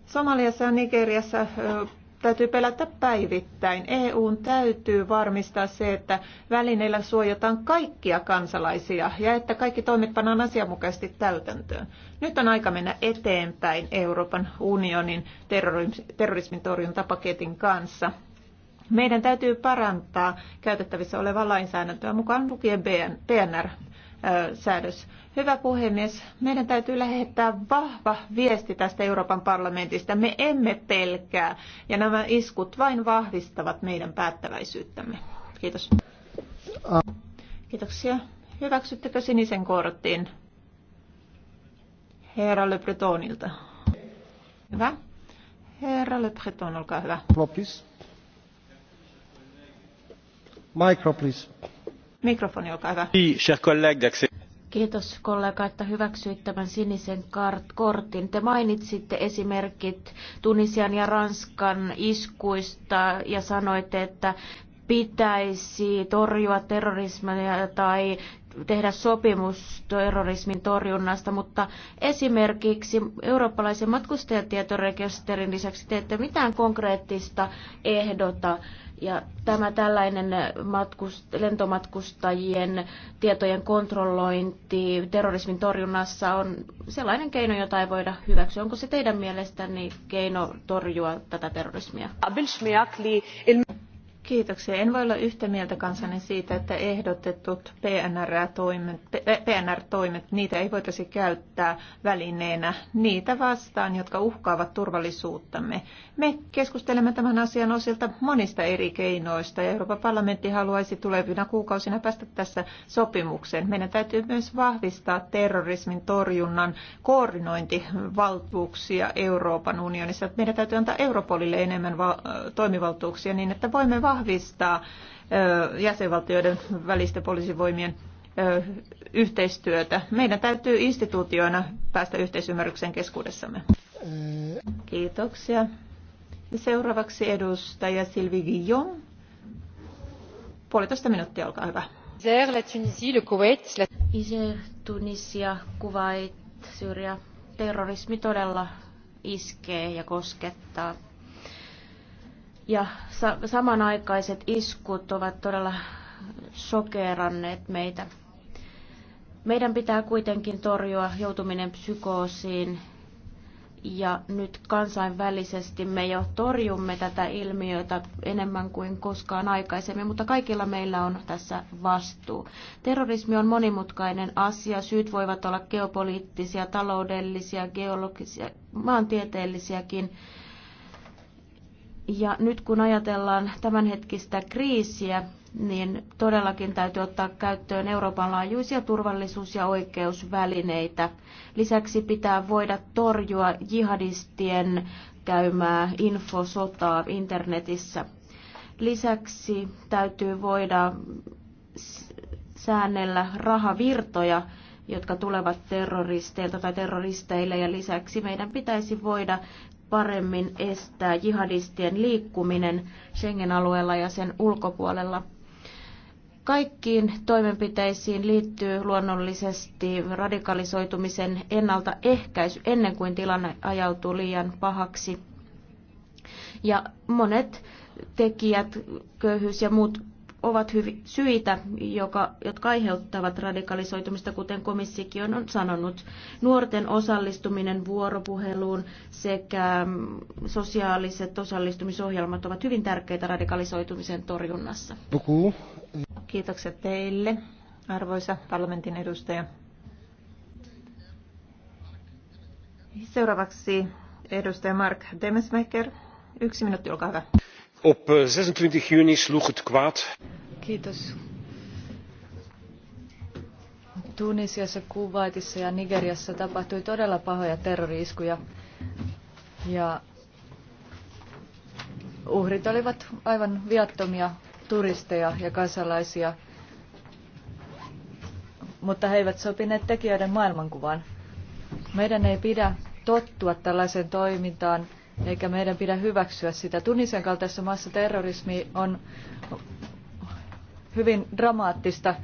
Speaker 1: Somaliassa ja Nigeriassa ää, äh, täytyy pelätä päivittäin. EUn täytyy varmistaa se, että välineillä suojataan kaikkia kansalaisia ja että kaikki toimet pannaan asianmukaisesti täytäntöön. Nyt on aika mennä eteenpäin Euroopan unionin terrorismin torjuntapaketin kanssa. Meidän täytyy parantaa käytettävissä olevaa lainsäädäntöä mukaan lukien PNR säädös. Hyvä puhemies, meidän täytyy lähettää vahva viesti tästä Euroopan parlamentista. Me emme pelkää ja nämä iskut vain vahvistavat meidän päättäväisyyttämme. Kiitos. Kiitoksia. Hyväksyttekö sinisen kortin? Herra Le Bretonilta. Hyvä. Herra Le Breton, olkaa hyvä. Lopis.
Speaker 2: Mikrofoni,
Speaker 3: niin,
Speaker 2: Kiitos kollega, että hyväksyit tämän sinisen kortin. Te mainitsitte esimerkit Tunisian ja Ranskan iskuista ja sanoitte, että pitäisi torjua terrorismia tai tehdä sopimus terrorismin torjunnasta, mutta esimerkiksi eurooppalaisen matkustajatietorekisterin lisäksi te ette mitään konkreettista ehdota. Ja tämä tällainen matkust- lentomatkustajien tietojen kontrollointi terrorismin torjunnassa on sellainen keino, jota ei voida hyväksyä. Onko se teidän mielestänne keino torjua tätä terrorismia?
Speaker 1: Kiitoksia. En voi olla yhtä mieltä kansanne siitä, että ehdotetut PNR-toimet, PNR-toimet, niitä ei voitaisi käyttää välineenä niitä vastaan, jotka uhkaavat turvallisuuttamme. Me keskustelemme tämän asian osilta monista eri keinoista ja Euroopan parlamentti haluaisi tulevina kuukausina päästä tässä sopimukseen. Meidän täytyy myös vahvistaa terrorismin torjunnan koordinointivaltuuksia Euroopan unionissa. Meidän täytyy antaa Europolille enemmän toimivaltuuksia niin, että voimme vahvistaa vahvistaa jäsenvaltioiden välistä poliisivoimien yhteistyötä. Meidän täytyy instituutioina päästä yhteisymmärrykseen keskuudessamme. Kiitoksia. seuraavaksi edustaja Sylvie Guillon. Puolitoista minuuttia, olkaa hyvä.
Speaker 2: Isère, la Tunisie, le Kuwait, la... Isère, Tunisia, Kuwait, Syyria. Terrorismi todella iskee ja koskettaa ja sa- samanaikaiset iskut ovat todella sokeranneet meitä. Meidän pitää kuitenkin torjua joutuminen psykoosiin ja nyt kansainvälisesti me jo torjumme tätä ilmiötä enemmän kuin koskaan aikaisemmin, mutta kaikilla meillä on tässä vastuu. Terrorismi on monimutkainen asia. Syyt voivat olla geopoliittisia, taloudellisia, geologisia, maantieteellisiäkin ja nyt kun ajatellaan tämänhetkistä kriisiä, niin todellakin täytyy ottaa käyttöön Euroopan laajuisia turvallisuus- ja oikeusvälineitä. Lisäksi pitää voida torjua jihadistien käymää infosotaa internetissä. Lisäksi täytyy voida säännellä rahavirtoja, jotka tulevat terroristeilta tai terroristeille, ja lisäksi meidän pitäisi voida paremmin estää jihadistien liikkuminen Schengen-alueella ja sen ulkopuolella. Kaikkiin toimenpiteisiin liittyy luonnollisesti radikalisoitumisen ennaltaehkäisy ennen kuin tilanne ajautuu liian pahaksi. Ja monet tekijät, köyhyys ja muut ovat hyvi, syitä, joka, jotka aiheuttavat radikalisoitumista, kuten komissikin on sanonut. Nuorten osallistuminen vuoropuheluun sekä mm, sosiaaliset osallistumisohjelmat ovat hyvin tärkeitä radikalisoitumisen torjunnassa. Kiitokset teille, arvoisa parlamentin
Speaker 1: edustaja. Seuraavaksi edustaja Mark Demesmaker. Yksi minuutti, olkaa hyvä
Speaker 5: op eh, zesentwintig juni
Speaker 3: sloeg het kwaad. Kiitos. Tunisiassa, Kuwaitissa ja Nigeriassa tapahtui todella pahoja terroriiskuja ja uhrit olivat aivan viattomia turisteja ja kansalaisia, mutta he eivät sopineet tekijöiden maailmankuvaan. Meidän ei pidä tottua tällaiseen toimintaan eikä meidän pidä hyväksyä sitä. Tunisian kaltaisessa maassa terrorismi on hyvin dramaattista.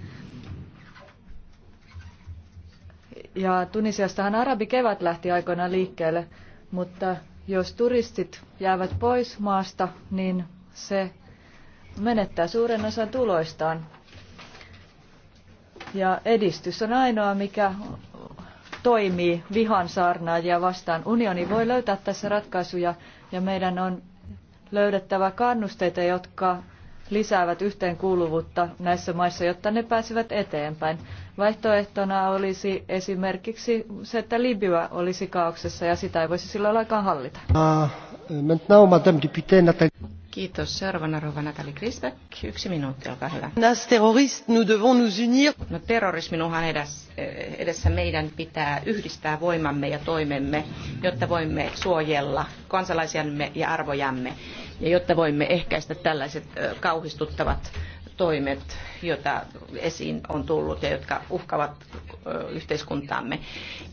Speaker 3: Ja Tunisiastahan arabi kevät lähti aikoinaan liikkeelle, mutta jos turistit jäävät pois maasta, niin se menettää suuren osan tuloistaan. Ja edistys on ainoa, mikä toimii vihan saarnaajia vastaan. Unioni voi löytää tässä ratkaisuja ja meidän on löydettävä kannusteita, jotka lisäävät yhteenkuuluvuutta näissä maissa, jotta ne pääsevät eteenpäin. Vaihtoehtona olisi esimerkiksi se, että Libya olisi kaauksessa ja sitä ei voisi sillä lainkaan hallita. Uh, Kiitos. Seuraavana Natali
Speaker 4: Kristak. Yksi minuutti, olkaa hyvä. Nas terrorist, nous devons nous unir. No, terrorismin uhan edessä, eh, edessä meidän pitää yhdistää voimamme ja toimemme, jotta voimme suojella kansalaisiamme ja arvojamme ja jotta voimme ehkäistä tällaiset eh, kauhistuttavat toimet, joita esiin on tullut ja jotka uhkavat yhteiskuntaamme.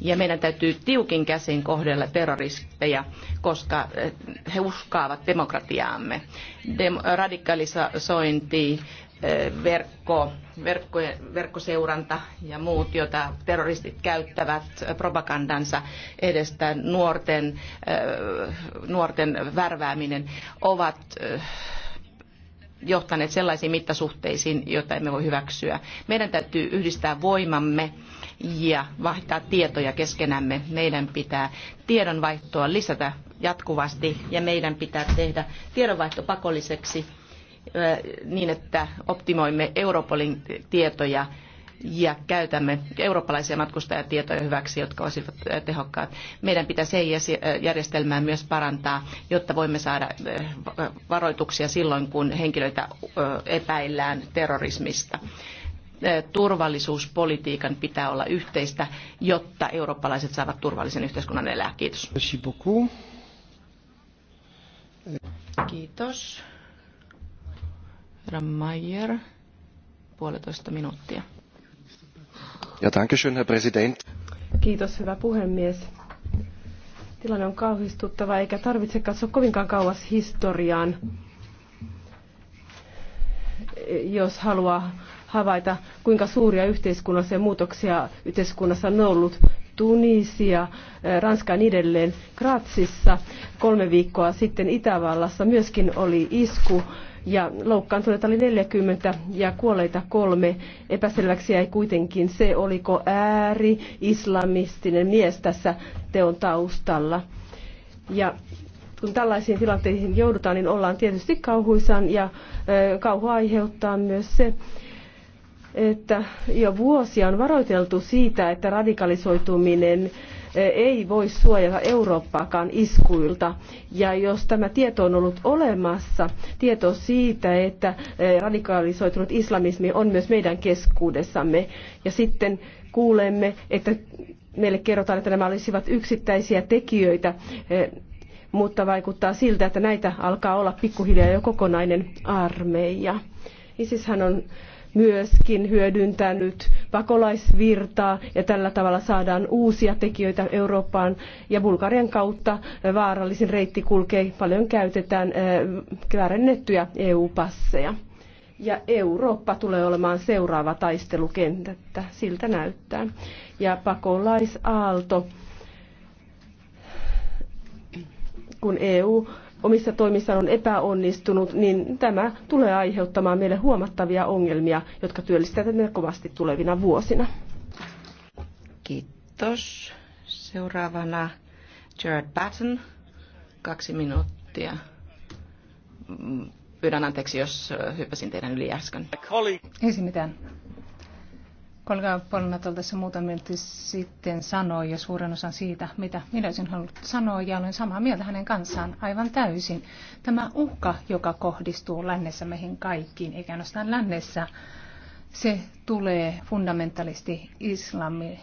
Speaker 4: Ja meidän täytyy tiukin käsin kohdella terroristeja, koska he uhkaavat demokratiaamme. Dem- radikalisointi, verkko, verkko, verkkoseuranta ja muut, joita terroristit käyttävät propagandansa edestä, nuorten, nuorten värvääminen, ovat johtaneet sellaisiin mittasuhteisiin, joita emme voi hyväksyä. Meidän täytyy yhdistää voimamme ja vaihtaa tietoja keskenämme. Meidän pitää tiedonvaihtoa lisätä jatkuvasti ja meidän pitää tehdä tiedonvaihto pakolliseksi niin, että optimoimme Europolin tietoja ja käytämme eurooppalaisia matkustajatietoja hyväksi, jotka olisivat tehokkaat. Meidän pitää se järjestelmää myös parantaa, jotta voimme saada varoituksia silloin, kun henkilöitä epäillään terrorismista turvallisuuspolitiikan pitää olla yhteistä, jotta eurooppalaiset saavat turvallisen yhteiskunnan elää. Kiitos. Kiitos. Herra Mayer, puolitoista minuuttia.
Speaker 3: Herr Präsident.
Speaker 4: Kiitos,
Speaker 5: hyvä puhemies. Tilanne on kauhistuttava, eikä tarvitse katsoa kovinkaan kauas historiaan, jos haluaa havaita, kuinka suuria yhteiskunnallisia muutoksia yhteiskunnassa on ollut. Tunisia, eh, Ranska niin edelleen. Kratsissa kolme viikkoa sitten Itävallassa myöskin oli isku ja loukkaantuneita oli 40 ja kuolleita kolme. Epäselväksi jäi kuitenkin se, oliko ääri islamistinen mies tässä teon taustalla. Ja kun tällaisiin tilanteisiin joudutaan, niin ollaan tietysti kauhuisan ja ö, aiheuttaa myös se, että jo vuosia on varoiteltu siitä, että radikalisoituminen ei voi suojella Eurooppaakaan iskuilta. Ja jos tämä tieto on ollut olemassa, tieto siitä, että eh, radikalisoitunut islamismi on myös meidän keskuudessamme. Ja sitten kuulemme, että meille kerrotaan, että nämä olisivat yksittäisiä tekijöitä, eh, mutta vaikuttaa siltä, että näitä alkaa olla pikkuhiljaa jo kokonainen armeija. ISIShän on myöskin hyödyntänyt pakolaisvirtaa ja tällä tavalla saadaan uusia tekijöitä Eurooppaan ja Bulgarian kautta vaarallisin reitti kulkee. Paljon käytetään eh, väärennettyjä EU-passeja. Ja Eurooppa tulee olemaan seuraava taistelukenttä siltä näyttää. Ja pakolaisaalto kun EU omissa toimissaan on epäonnistunut, niin tämä tulee aiheuttamaan meille huomattavia ongelmia, jotka työllistävät meitä kovasti tulevina vuosina.
Speaker 4: Kiitos. Seuraavana Jared Batten, kaksi minuuttia. Mm, pyydän anteeksi, jos äh, hyppäsin teidän yli äsken.
Speaker 6: Ei se mitään. Kollega Polnato tässä muutamilti sitten sanoi jo suuren osan siitä, mitä minä olisin halunnut sanoa, ja olen samaa mieltä hänen kanssaan aivan täysin. Tämä uhka, joka kohdistuu lännessä meihin kaikkiin, eikä ainoastaan lännessä, se tulee fundamentalisti islamin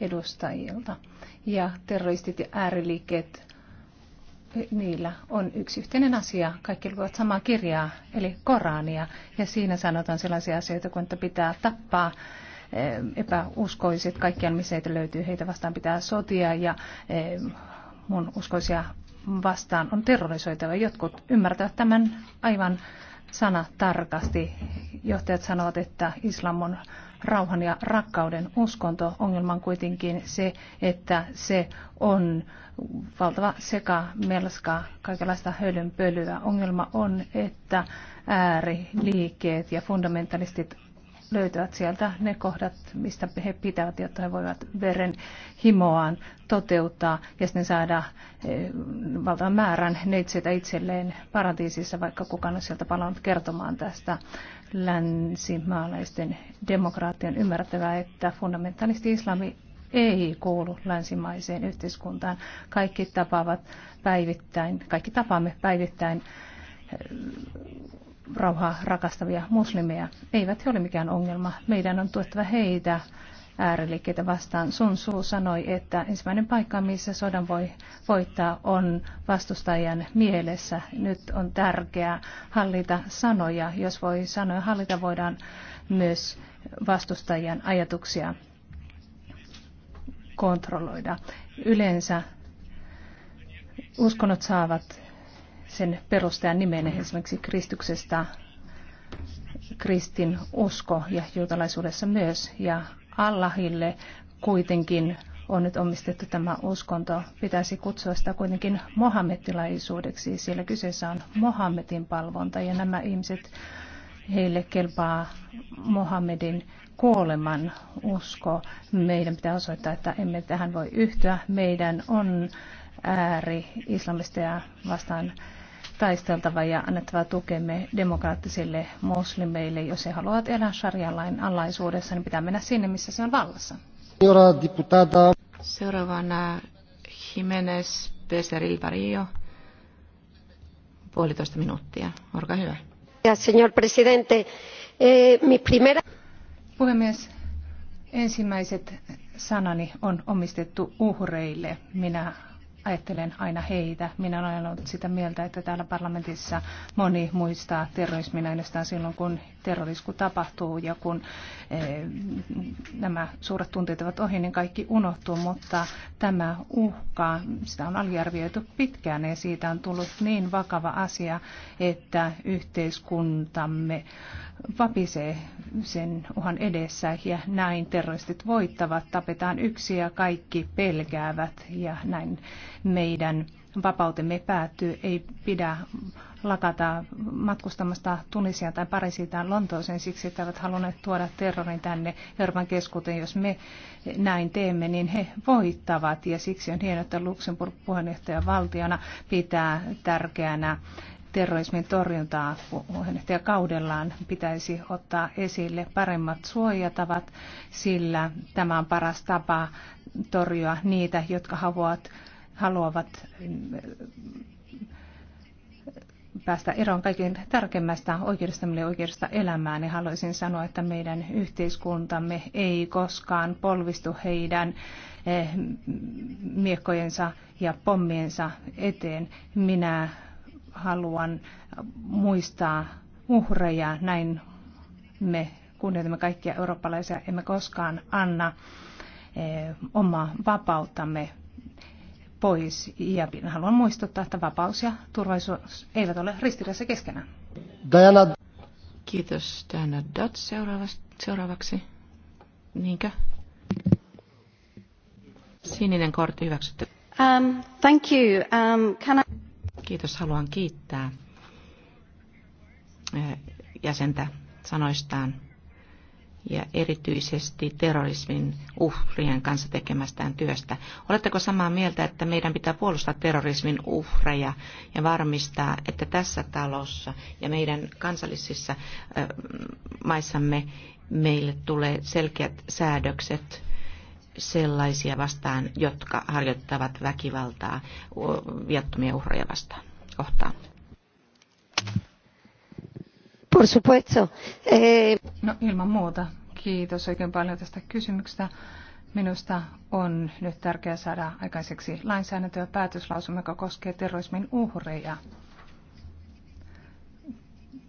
Speaker 6: edustajilta. Ja terroristit ja ääriliikkeet niillä on yksi yhteinen asia. Kaikki lukevat samaa kirjaa, eli Korania. Ja siinä sanotaan sellaisia asioita kuin, että pitää tappaa eh, epäuskoiset, kaikkiaan missä heitä löytyy, heitä vastaan pitää sotia ja eh, mun uskoisia vastaan on terrorisoitava. Jotkut ymmärtävät tämän aivan sana tarkasti. Johtajat sanovat, että islam on rauhan ja rakkauden uskonto. Ongelma on kuitenkin se, että se on valtava seka, melska, kaikenlaista hölynpölyä. Ongelma on, että ääriliikkeet ja fundamentalistit löytävät sieltä ne kohdat, mistä he pitävät, jotta he voivat veren himoaan toteuttaa ja sitten saada eh, valtavan määrän neitseitä itselleen paratiisissa, vaikka kukaan on sieltä palannut kertomaan tästä länsimaalaisten demokraattien ymmärtävää, että fundamentalisti islami ei kuulu länsimaiseen yhteiskuntaan. Kaikki tapaavat päivittäin, kaikki tapaamme päivittäin eh, rauhaa rakastavia muslimeja. Eivät he ole mikään ongelma. Meidän on tuettava heitä ääriliikkeitä vastaan. Sun Suu sanoi, että ensimmäinen paikka, missä sodan voi voittaa, on vastustajan mielessä. Nyt on tärkeää hallita sanoja. Jos voi sanoja hallita, voidaan myös vastustajan ajatuksia kontrolloida. Yleensä uskonnot saavat sen perustajan nimen esimerkiksi Kristuksesta, kristin usko ja juutalaisuudessa myös. Ja Allahille kuitenkin on nyt omistettu tämä uskonto. Pitäisi kutsua sitä kuitenkin mohammettilaisuudeksi, sillä kyseessä on Mohammedin palvonta ja nämä ihmiset, heille kelpaa Mohammedin kuoleman usko. Meidän pitää osoittaa, että emme tähän voi yhtyä. Meidän on ääri islamisteja vastaan taisteltava ja annettava tukemme demokraattisille muslimeille. Jos he haluavat elää sharia-lain alaisuudessa, niin pitää mennä sinne, missä se on vallassa. Seuraavana äh, Jimenez Peseril
Speaker 4: Barrio. Puolitoista minuuttia. Olkaa hyvä.
Speaker 6: Señor presidente, eh, mi primera... Puhemies, ensimmäiset sanani on omistettu uhreille. Minä ajattelen aina heitä. Minä olen ollut sitä mieltä, että täällä parlamentissa moni muistaa terrorismin ainoastaan silloin, kun terrorisku tapahtuu ja kun eh, nämä suuret tunteet ovat ohi, niin kaikki unohtuu, mutta tämä uhka, sitä on aliarvioitu pitkään ja siitä on tullut niin vakava asia, että yhteiskuntamme vapisee sen uhan edessä ja näin terroristit voittavat, tapetaan yksi ja kaikki pelkäävät ja näin meidän vapautemme päättyy, ei pidä lakata matkustamasta Tunisia tai Pariisiin tai Lontooseen siksi, että ovat halunneet tuoda terrorin tänne Euroopan keskuuteen. Jos me näin teemme, niin he voittavat ja siksi on hienoa, että Luxemburg puheenjohtajavaltiona pitää tärkeänä terrorismin torjuntaa kaudellaan pitäisi ottaa esille paremmat suojatavat, sillä tämä on paras tapa torjua niitä, jotka haluavat haluavat mm, päästä eroon kaikkein tärkeimmästä oikeudesta, oikeudesta elämään, niin haluaisin sanoa, että meidän yhteiskuntamme ei koskaan polvistu heidän eh, miekkojensa ja pommiensa eteen. Minä haluan muistaa uhreja, näin me kunnioitamme kaikkia eurooppalaisia, emme koskaan anna eh, omaa vapauttamme pois. Ja haluan muistuttaa, että vapaus ja turvallisuus eivät ole ristiriidassa keskenään.
Speaker 4: Diana. Kiitos Diana
Speaker 6: Dutt seuraavaksi.
Speaker 4: Niinkö? Sininen kortti hyväksytty. Um, thank you. Um, can I... Kiitos, haluan kiittää eh, jäsentä sanoistaan ja erityisesti terrorismin uhrien kanssa tekemästään työstä. Oletteko samaa mieltä, että meidän pitää puolustaa terrorismin uhreja ja varmistaa, että tässä talossa ja meidän kansallisissa maissamme meille tulee selkeät säädökset sellaisia vastaan, jotka harjoittavat väkivaltaa viattomia uhreja vastaan kohtaan?
Speaker 6: Por supuesto. Eh... No ilman muuta. Kiitos oikein paljon tästä kysymyksestä. Minusta on nyt tärkeää saada aikaiseksi lainsäädäntö ja päätöslausuma, joka koskee terrorismin uhreja.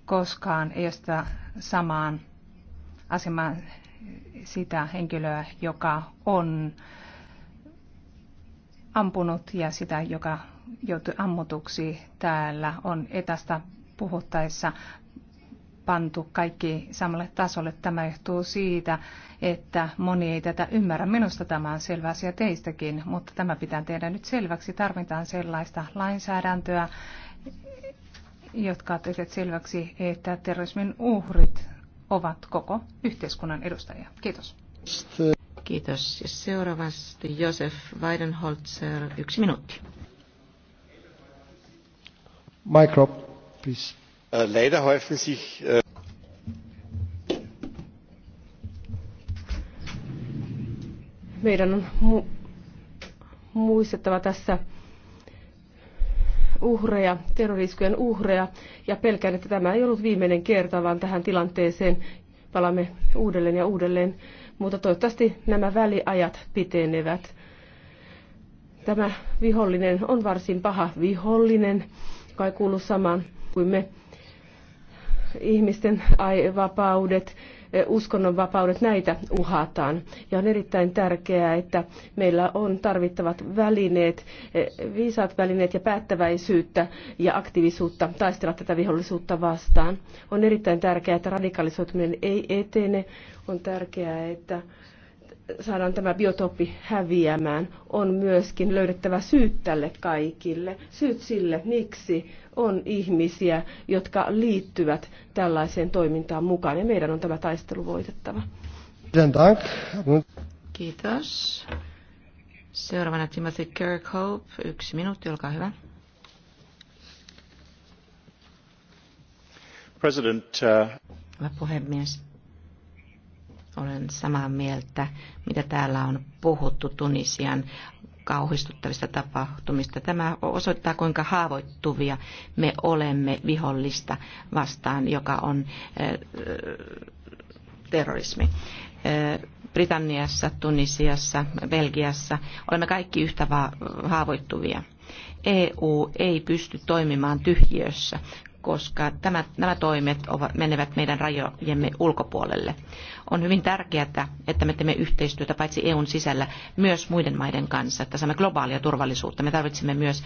Speaker 6: Koskaan ei sitä samaan asemaan sitä henkilöä, joka on ampunut ja sitä, joka joutui ammutuksi täällä on etästä puhuttaessa pantu kaikki samalle tasolle. Tämä johtuu siitä, että moni ei tätä ymmärrä. Minusta tämä on selvä asia teistäkin, mutta tämä pitää tehdä nyt selväksi. Tarvitaan sellaista lainsäädäntöä, jotka tekevät selväksi, että terrorismin uhrit ovat koko yhteiskunnan edustajia. Kiitos.
Speaker 4: Kiitos. Ja seuraavasti Josef Weidenholzer, yksi minuutti.
Speaker 3: Micro, please. Äh, leider häufen sich äh,
Speaker 5: meidän on muistettava tässä uhreja, terroriskujen uhreja, ja pelkään, että tämä ei ollut viimeinen kerta, vaan tähän tilanteeseen palaamme uudelleen ja uudelleen, mutta toivottavasti nämä väliajat pitenevät. Tämä vihollinen on varsin paha vihollinen, kai kuuluu samaan kuin me ihmisten vapaudet, eh, uskonnonvapaudet, näitä uhataan. Ja on erittäin tärkeää, että meillä on tarvittavat välineet, eh, viisaat välineet ja päättäväisyyttä ja aktiivisuutta taistella tätä vihollisuutta vastaan. On erittäin tärkeää, että radikalisoituminen ei etene. On tärkeää, että saadaan tämä biotooppi häviämään, on myöskin löydettävä syyt tälle kaikille. Syyt sille, miksi on ihmisiä, jotka liittyvät tällaiseen
Speaker 4: toimintaan mukaan, ja meidän on tämä taistelu voitettava. Kiitos. Seuraavana Timothy Kirkhope, yksi minuutti, olkaa hyvä.
Speaker 3: President, uh...
Speaker 4: Hyvä puhemies olen samaa mieltä, mitä täällä on puhuttu Tunisian kauhistuttavista tapahtumista. Tämä osoittaa, kuinka haavoittuvia me olemme vihollista vastaan, joka on eh, terrorismi. Eh, Britanniassa, Tunisiassa, Belgiassa olemme kaikki yhtä haavoittuvia. EU ei pysty toimimaan tyhjiössä, koska tämä, nämä toimet ovat, menevät meidän rajojemme ulkopuolelle. On hyvin tärkeää, että me teemme yhteistyötä paitsi EUn sisällä myös muiden maiden kanssa, että saamme globaalia turvallisuutta. Me tarvitsemme myös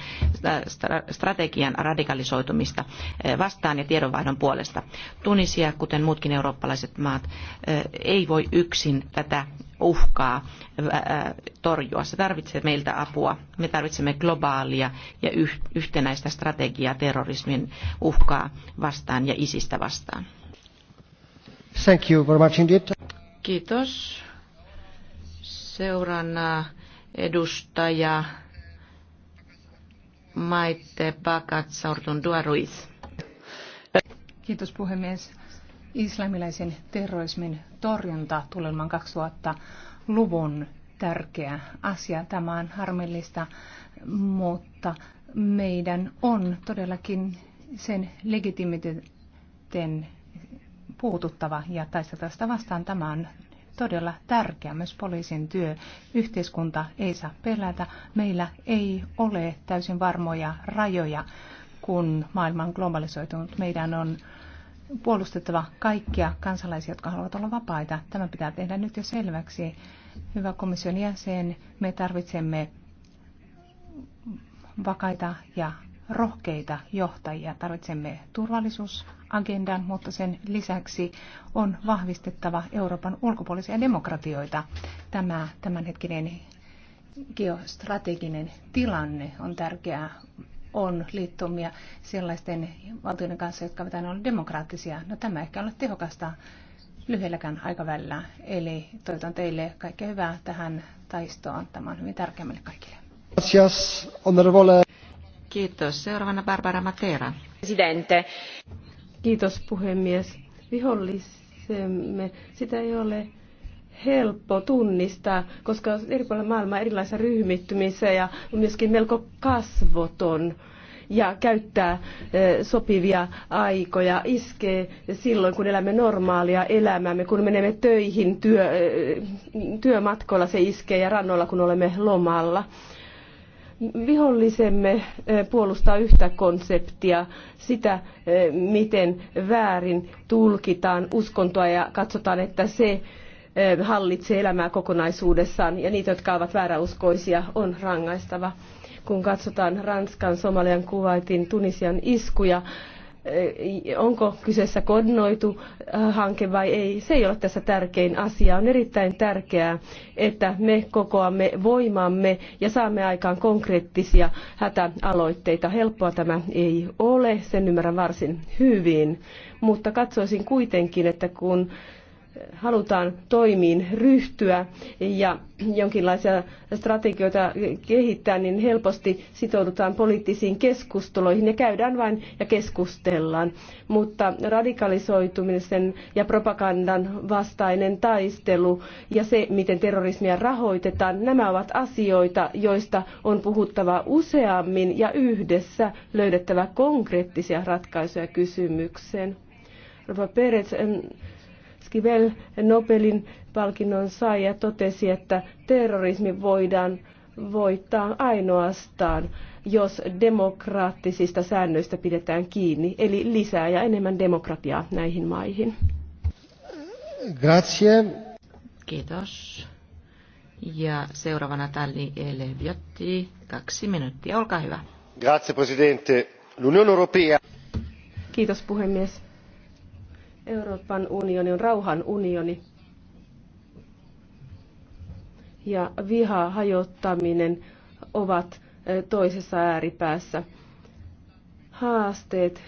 Speaker 4: strategian radikalisoitumista eh, vastaan ja tiedonvaihdon puolesta. Tunisia, kuten muutkin eurooppalaiset maat, eh, ei voi yksin tätä uhkaa eh, torjua. Se tarvitsee meiltä apua. Me tarvitsemme globaalia ja yhtenäistä strategiaa terrorismin uhkaa vastaan ja isistä vastaan.
Speaker 5: Thank you very much indeed.
Speaker 4: Kiitos. Seuraavana edustaja
Speaker 6: Maite Bakatsaurton Duaruiz. Kiitos puhemies. Islamilaisen terrorismin torjunta tulemaan 2000-luvun tärkeä asia. Tämä on harmillista, mutta meidän on todellakin sen legitimiteetin puututtava ja taisteltava sitä vastaan. Tämä on todella tärkeä myös poliisin työ. Yhteiskunta ei saa pelätä. Meillä ei ole täysin varmoja rajoja, kun maailma on globalisoitunut. Meidän on puolustettava kaikkia kansalaisia, jotka haluavat olla vapaita. Tämä pitää tehdä nyt jo selväksi. Hyvä komission jäsen, me tarvitsemme vakaita ja rohkeita johtajia. Tarvitsemme turvallisuusagendan, mutta sen lisäksi on vahvistettava Euroopan ulkopuolisia demokratioita. Tämä tämänhetkinen geostrateginen tilanne on tärkeää on liittomia sellaisten valtioiden kanssa, jotka ovat aina demokraattisia. No tämä ehkä ole tehokasta lyhyelläkään aikavälillä. Eli toivotan teille kaikkea hyvää tähän taistoon. Tämä on hyvin tärkeä meille kaikille.
Speaker 3: Gracias, honorable. Kiitos.
Speaker 6: Barbara Matera. Kiitos puhemies.
Speaker 5: Vihollisemme sitä ei ole
Speaker 4: helppo tunnistaa,
Speaker 5: koska eri puolilla maailmaa erilaisia ryhmittymissä ja on myöskin melko kasvoton ja käyttää sopivia aikoja, iskee silloin, kun elämme normaalia elämäämme, kun menemme töihin, työ, työmatkoilla se iskee ja rannoilla, kun olemme lomalla vihollisemme eh, puolustaa yhtä konseptia, sitä eh, miten väärin tulkitaan uskontoa ja katsotaan, että se eh, hallitsee elämää kokonaisuudessaan ja niitä, jotka ovat vääräuskoisia, on rangaistava. Kun katsotaan Ranskan, Somalian, Kuwaitin, Tunisian iskuja, onko kyseessä koordinoitu hanke vai ei, se ei ole tässä tärkein asia. On erittäin tärkeää, että me kokoamme voimamme ja saamme aikaan konkreettisia hätäaloitteita. Helppoa tämä ei ole, sen ymmärrän varsin hyvin, mutta katsoisin kuitenkin, että kun halutaan toimiin ryhtyä ja jonkinlaisia strategioita kehittää, niin helposti sitoudutaan poliittisiin keskusteluihin ja käydään vain ja keskustellaan. Mutta radikalisoitumisen ja propagandan vastainen taistelu ja se, miten terrorismia rahoitetaan, nämä ovat asioita, joista on puhuttava useammin ja yhdessä löydettävä konkreettisia ratkaisuja kysymykseen. Rova Perez, Esquivel Nobelin palkinnon saaja totesi, että terrorismi voidaan voittaa ainoastaan, jos demokraattisista säännöistä pidetään kiinni, eli lisää ja enemmän demokratiaa näihin maihin. Grazie.
Speaker 4: Kiitos. Ja seuraavana Talli Eleviotti, kaksi minuuttia, olkaa hyvä.
Speaker 5: Grazie, Presidente. L'Unione Europea.
Speaker 4: Kiitos, puhemies
Speaker 5: Euroopan unioni on rauhan unioni. Ja viha hajottaminen ovat eh, toisessa ääripäässä. Haasteet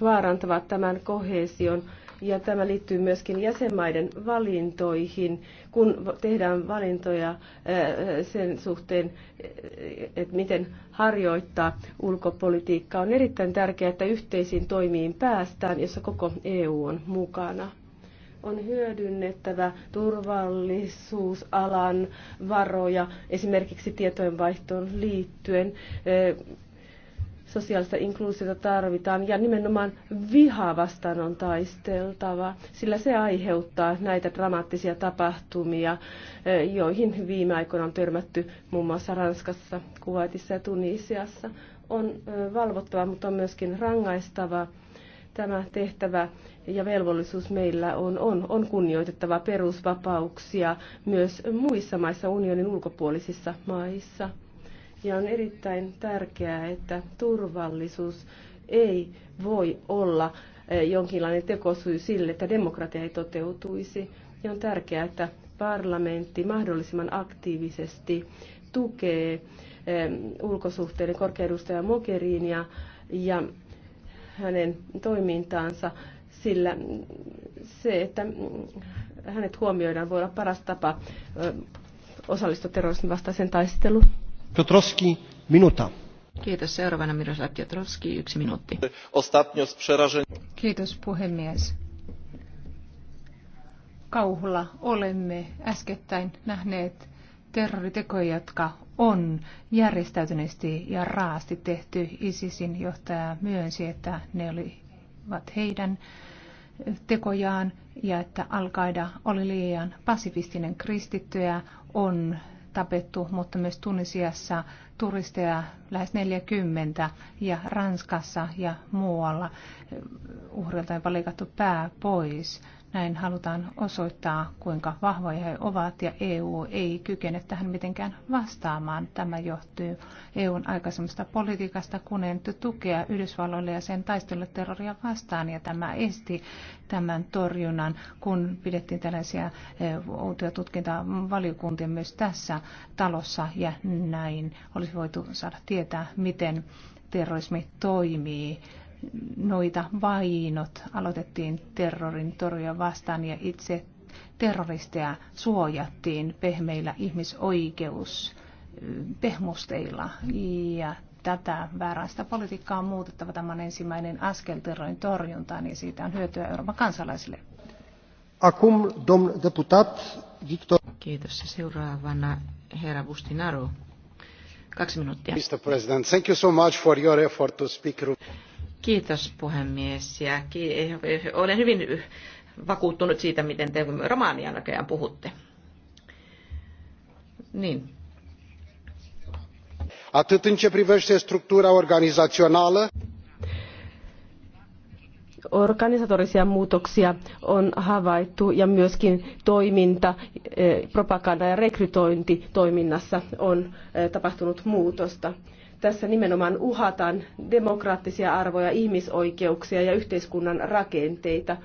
Speaker 5: vaarantavat tämän kohesion ja tämä liittyy myöskin jäsenmaiden valintoihin, kun tehdään valintoja eh, sen suhteen, eh, että miten harjoittaa ulkopolitiikkaa. On erittäin tärkeää, että yhteisiin toimiin päästään, jossa koko EU on mukana on hyödynnettävä turvallisuusalan varoja esimerkiksi tietojenvaihtoon liittyen eh, Sosiaalista inkluusiota tarvitaan ja nimenomaan viha vastaan on taisteltava, sillä se aiheuttaa näitä dramaattisia tapahtumia, eh, joihin viime aikoina on törmätty muun muassa Ranskassa, Kuwaitissa ja Tunisiassa. On eh, valvottava, mutta on myöskin rangaistava tämä tehtävä ja velvollisuus meillä on, on, on kunnioitettava perusvapauksia myös muissa maissa, unionin ulkopuolisissa maissa. Ja on erittäin tärkeää, että turvallisuus ei voi olla e, jonkinlainen tekosyy sille, että demokratia ei toteutuisi. Ja on tärkeää, että parlamentti mahdollisimman aktiivisesti tukee e, ulkosuhteiden korkeudustaja Mogherinia ja hänen toimintaansa, sillä se, että hänet huomioidaan, voi olla paras tapa e, osallistua terrorismin vastaiseen taisteluun.
Speaker 3: Piotrowski,
Speaker 4: minuta. Kiitos. Seuraavana Miroslav Piotrowski, yksi minuutti. Ostatnio z przerażeniem.
Speaker 6: Kiitos puhemies. Kauhulla olemme äskettäin nähneet terroritekoja, jotka on järjestäytyneesti ja raasti tehty. ISISin johtaja myönsi, että ne olivat heidän tekojaan ja että Al-Qaida oli liian pasifistinen kristittyä on tapettu, mutta myös Tunisiassa turisteja lähes 40 ja Ranskassa ja muualla eh, uhreilta on leikattu pää pois. Näin halutaan osoittaa, kuinka vahvoja he ovat ja EU ei kykene tähän mitenkään vastaamaan. Tämä johtuu EUn aikaisemmasta politiikasta, kun en tukea Yhdysvalloille ja sen taistelulle terroria vastaan. Ja tämä esti tämän torjunnan, kun pidettiin tällaisia outoja e, tutkintavaliokuntia myös tässä talossa. Ja näin olisi voitu saada tietää, miten terrorismi toimii noita vainot aloitettiin terrorin torjua vastaan ja itse terroristeja suojattiin pehmeillä ihmisoikeuspehmusteilla. Eh, ja tätä väärästä politiikkaa on muutettava. Tämä on ensimmäinen askel terrorin torjuntaan ja siitä on hyötyä Euroopan kansalaisille.
Speaker 4: Acum, deputat Victor. Kiitos. Seuraavana herra Bustinaro. Kaksi
Speaker 2: minuuttia.
Speaker 3: Mr. President, thank you so much for your effort to speak.
Speaker 4: Kiitos puhemies ja olen hyvin vakuuttunut siitä, miten te romaania näköjään
Speaker 2: puhutte. Niin. Atât în ce privește structura organizațională,
Speaker 5: organisatorisia muutoksia on havaittu ja myöskin toiminta, eh, propaganda ja rekrytointi toiminnassa on eh, tapahtunut muutosta. Tässä nimenomaan uhataan demokraattisia arvoja, ihmisoikeuksia ja yhteiskunnan rakenteita.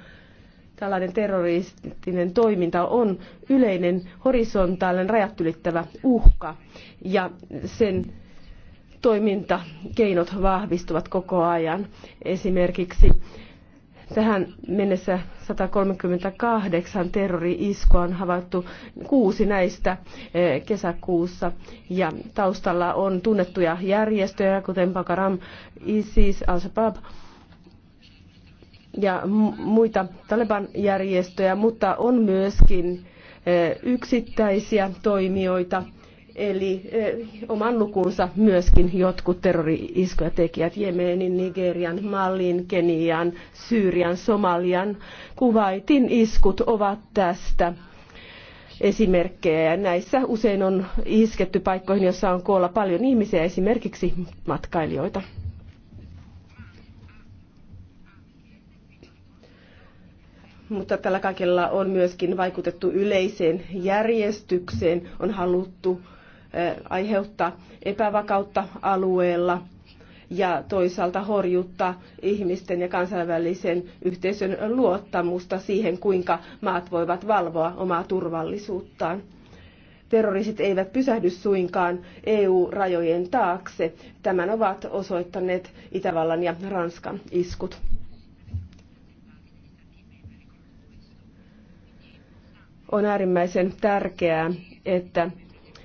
Speaker 5: Tällainen terroristinen toiminta on yleinen horisontaalinen rajat ylittävä uhka ja sen toimintakeinot vahvistuvat koko ajan. Esimerkiksi Tähän mennessä 138 terrori-iskua on havaittu, kuusi näistä eh, kesäkuussa. Ja taustalla on tunnettuja järjestöjä, kuten Bakaram, ISIS, Al-Shabaab ja muita Taleban-järjestöjä, mutta on myöskin eh, yksittäisiä toimijoita – Eli eh, oman lukunsa myöskin jotkut terrori-iskuja tekijät Jemenin, Nigerian, Malin, Kenian, Syyrian, Somalian, Kuwaitin iskut ovat tästä esimerkkejä. Ja näissä usein on isketty paikkoihin, joissa on koolla paljon ihmisiä, esimerkiksi matkailijoita. mutta tällä kaikella on myöskin vaikutettu yleiseen järjestykseen, on haluttu aiheuttaa epävakautta alueella ja toisaalta horjuttaa ihmisten ja kansainvälisen yhteisön luottamusta siihen, kuinka maat voivat valvoa omaa turvallisuuttaan. Terroristit eivät pysähdy suinkaan EU-rajojen taakse. Tämän ovat osoittaneet Itävallan ja Ranskan iskut. On äärimmäisen tärkeää, että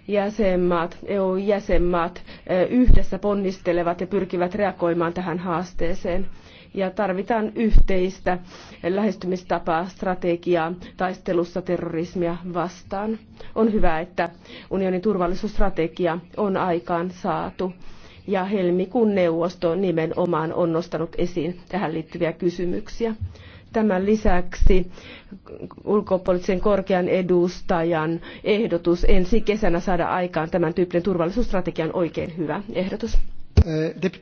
Speaker 5: jäsenmaat, EU-jäsenmaat yhdessä ponnistelevat ja pyrkivät reagoimaan tähän haasteeseen. Ja tarvitaan yhteistä lähestymistapaa, strategiaa taistelussa terrorismia vastaan. On hyvä, että unionin turvallisuusstrategia on aikaan saatu ja helmikuun neuvosto nimenomaan on nostanut esiin tähän liittyviä kysymyksiä. Tämän lisäksi ulkopoliittisen korkean edustajan ehdotus ensi kesänä saada aikaan tämän tyyppinen turvallisuusstrategian oikein hyvä
Speaker 4: ehdotus. Eh,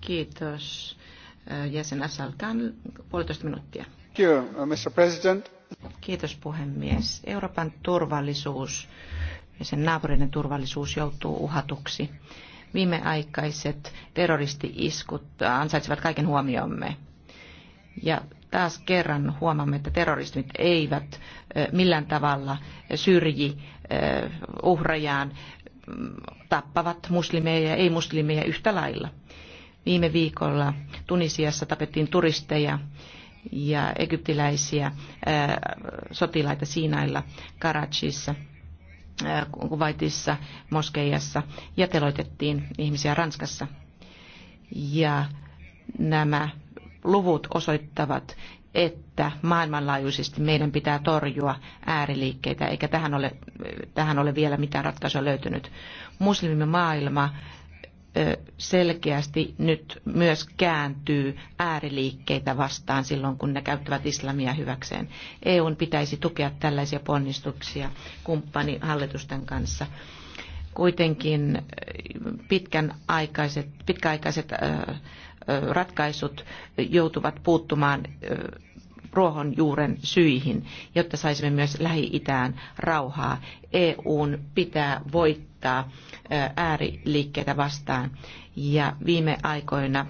Speaker 4: Kiitos. Eh, jäsen Assalkan puolitoista minuuttia.
Speaker 3: Uh,
Speaker 4: Kiitos puhemies. Euroopan turvallisuus ja sen naapureiden turvallisuus joutuu uhatuksi. Viimeaikaiset terroristi-iskut ansaitsevat kaiken huomiomme. Ja Taas kerran huomaamme, että terroristit eivät millään tavalla syrji uhrajaan, mm, tappavat muslimeja ja ei-muslimeja yhtä lailla. Viime viikolla Tunisiassa tapettiin turisteja ja egyptiläisiä sotilaita Siinailla, Karachissa, Kuwaitissa, Moskeijassa ja teloitettiin ihmisiä Ranskassa. Ja nämä luvut osoittavat, että maailmanlaajuisesti meidän pitää torjua ääriliikkeitä, eikä tähän ole, tähän ole vielä mitään ratkaisua löytynyt. Muslimimme maailma selkeästi nyt myös kääntyy ääriliikkeitä vastaan silloin, kun ne käyttävät islamia hyväkseen. EUn pitäisi tukea tällaisia ponnistuksia kumppanihallitusten kanssa. Kuitenkin pitkän aikaiset, pitkäaikaiset ratkaisut joutuvat puuttumaan ruohonjuuren syihin, jotta saisimme myös Lähi-Itään rauhaa. EUn pitää voittaa ääriliikkeitä vastaan. Ja viime aikoina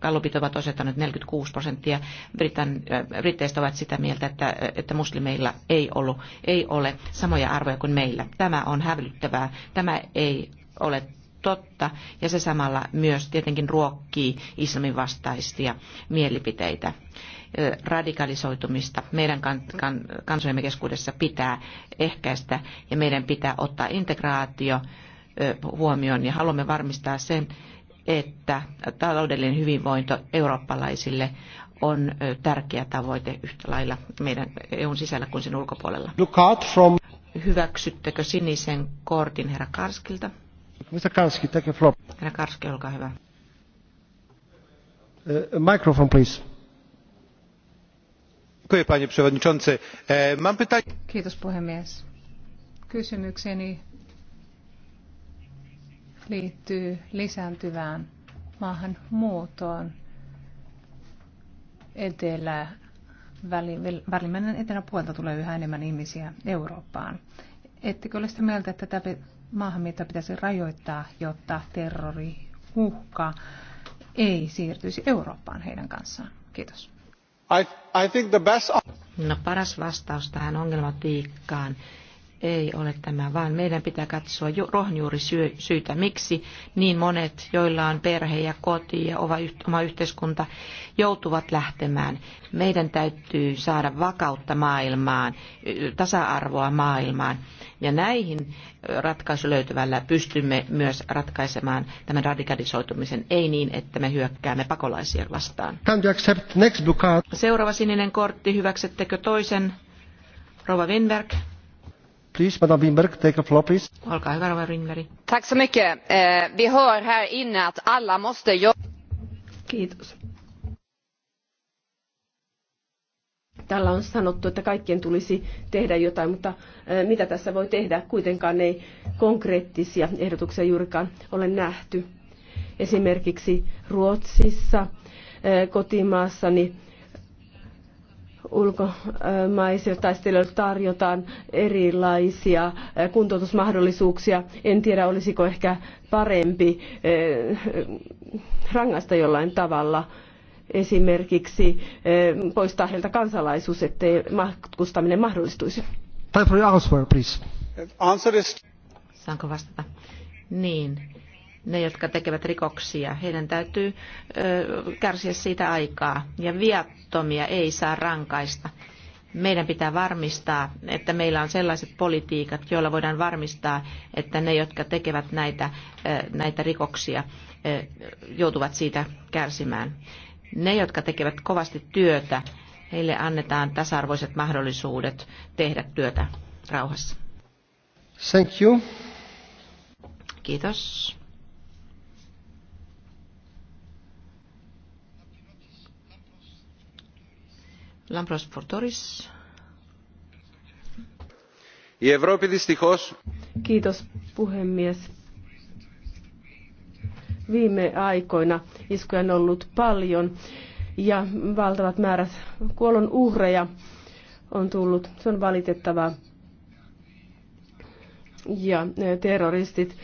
Speaker 4: Gallupit ovat osoittaneet 46 prosenttia. Britan, Briteistä ovat sitä mieltä, että, että muslimeilla ei, ollut, ei ole samoja arvoja kuin meillä. Tämä on hävyttävää. Tämä ei ole totta ja se samalla myös tietenkin ruokkii islamin vastaisia mielipiteitä radikalisoitumista meidän kansojemme keskuudessa pitää ehkäistä ja meidän pitää ottaa integraatio huomioon ja haluamme varmistaa sen, että taloudellinen hyvinvointi eurooppalaisille on tärkeä tavoite yhtä lailla meidän EUn sisällä kuin sen ulkopuolella. Hyväksyttekö sinisen kortin herra Karskilta?
Speaker 6: Mr. Karski,
Speaker 2: take a floor. Herra Karski, olkaa hyvä. Uh, microphone, please. Panie przewodniczący. E, mam pytanie.
Speaker 6: Kiitos puhemies. Kysymykseni liittyy lisääntyvään maahanmuutoon etelä Välimeren eteläpuolta tulee yhä enemmän ihmisiä Eurooppaan. Ettekö ole sitä mieltä, että tätä mitä pitäisi rajoittaa, jotta terroriuhka ei siirtyisi Eurooppaan heidän kanssaan. Kiitos.
Speaker 4: I, I think the best... No paras vastaus tähän ongelmatiikkaan ei ole tämä, vaan meidän pitää katsoa rohjuurisyytä. Miksi niin monet, joilla on perhe ja koti ja oma yhteiskunta, joutuvat lähtemään? Meidän täytyy saada vakautta maailmaan, tasa-arvoa maailmaan ja näihin ratkaisu löytyvällä pystymme myös ratkaisemaan tämän radikalisoitumisen, ei niin, että me hyökkäämme pakolaisia vastaan. Seuraava sininen kortti, hyväksyttekö toisen? Rova Winberg.
Speaker 5: Please, Madame Winberg, take a floor, please.
Speaker 4: Olkaa hyvä, Rova Winberg. Tack så mycket. Eh, vi hör här inne att alla måste jobba. Kiitos
Speaker 5: Täällä on sanottu, että kaikkien tulisi tehdä jotain, mutta mitä tässä voi tehdä? Kuitenkaan ei konkreettisia ehdotuksia juurikaan ole nähty. Esimerkiksi Ruotsissa kotimaassani ulkomaisille taistelijoille tarjotaan erilaisia kuntoutusmahdollisuuksia. En tiedä, olisiko ehkä parempi rangaista jollain tavalla esimerkiksi eh, poistaa heiltä kansalaisuus, ettei matkustaminen mahdollistuisi.
Speaker 3: Time for your answer, please.
Speaker 4: is... Saanko vastata? Niin ne, jotka tekevät rikoksia, heidän täytyy ö, eh, kärsiä siitä aikaa. Ja viattomia ei saa rankaista. Meidän pitää varmistaa, että meillä on sellaiset politiikat, joilla voidaan varmistaa, että ne, jotka tekevät näitä, ö, eh, näitä rikoksia, ö, joutuvat siitä kärsimään. Ne, jotka tekevät kovasti työtä, heille annetaan tasa-arvoiset mahdollisuudet tehdä työtä rauhassa. Thank you. Kiitos. Lampros Fortoris. Kiitos puhemies.
Speaker 5: Viime aikoina iskuja on ollut paljon ja valtavat määrät kuolon uhreja on tullut. Se on valitettavaa. Ja e, terroristit,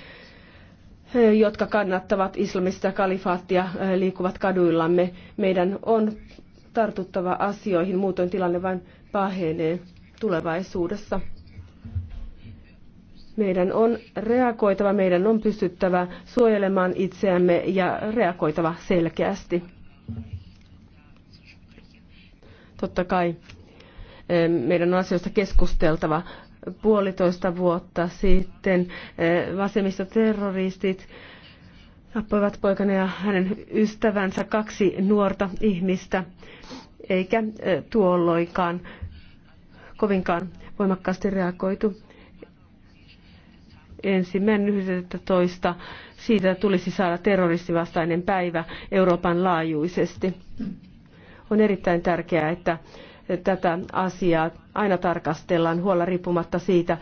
Speaker 5: e, jotka kannattavat islamista kalifaattia, e, liikkuvat kaduillamme. Meidän on tartuttava asioihin, muutoin tilanne vain pahenee tulevaisuudessa. Meidän on reagoitava, meidän on pystyttävä suojelemaan itseämme ja reagoitava selkeästi. Totta kai meidän on asioista keskusteltava. Puolitoista vuotta sitten terroristit tappoivat poikana ja hänen ystävänsä kaksi nuorta ihmistä, eikä tuolloinkaan kovinkaan voimakkaasti reagoitu ensimmäinen toista siitä tulisi saada terroristivastainen päivä Euroopan laajuisesti. On erittäin tärkeää, että tätä asiaa aina tarkastellaan huolla riippumatta siitä,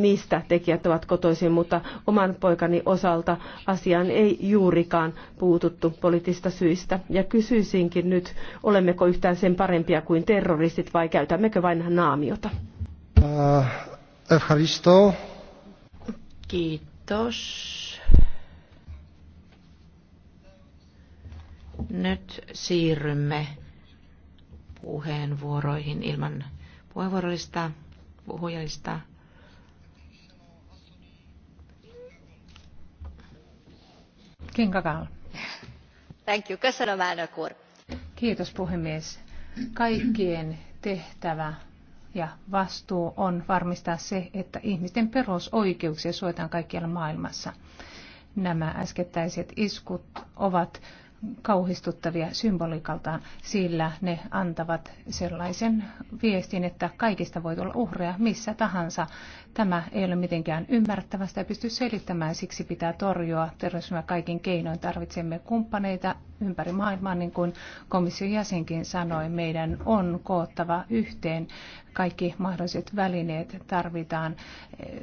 Speaker 5: mistä tekijät ovat kotoisin, mutta oman poikani osalta asiaan ei juurikaan puututtu poliittista syistä. Ja kysyisinkin nyt, olemmeko yhtään sen parempia kuin terroristit vai käytämmekö vain naamiota?
Speaker 3: Uh,
Speaker 4: Kiitos. Nyt siirrymme puheenvuoroihin ilman puheenvuorollista puhujalista.
Speaker 6: Kinkakaal.
Speaker 1: Thank you.
Speaker 6: Kiitos puhemies. Kaikkien tehtävä ja vastuu on varmistaa se, että ihmisten perusoikeuksia suojataan kaikkialla maailmassa. Nämä äskettäiset iskut ovat kauhistuttavia symbolikaltaan, sillä ne antavat sellaisen viestin, että kaikista voi tulla uhreja missä tahansa. Tämä ei ole mitenkään ymmärrettävästä ja pysty selittämään, siksi pitää torjua terrorismia kaikin keinoin. Tarvitsemme kumppaneita ympäri maailmaa, niin kuin komission jäsenkin sanoi, meidän on koottava yhteen kaikki mahdolliset välineet tarvitaan eh,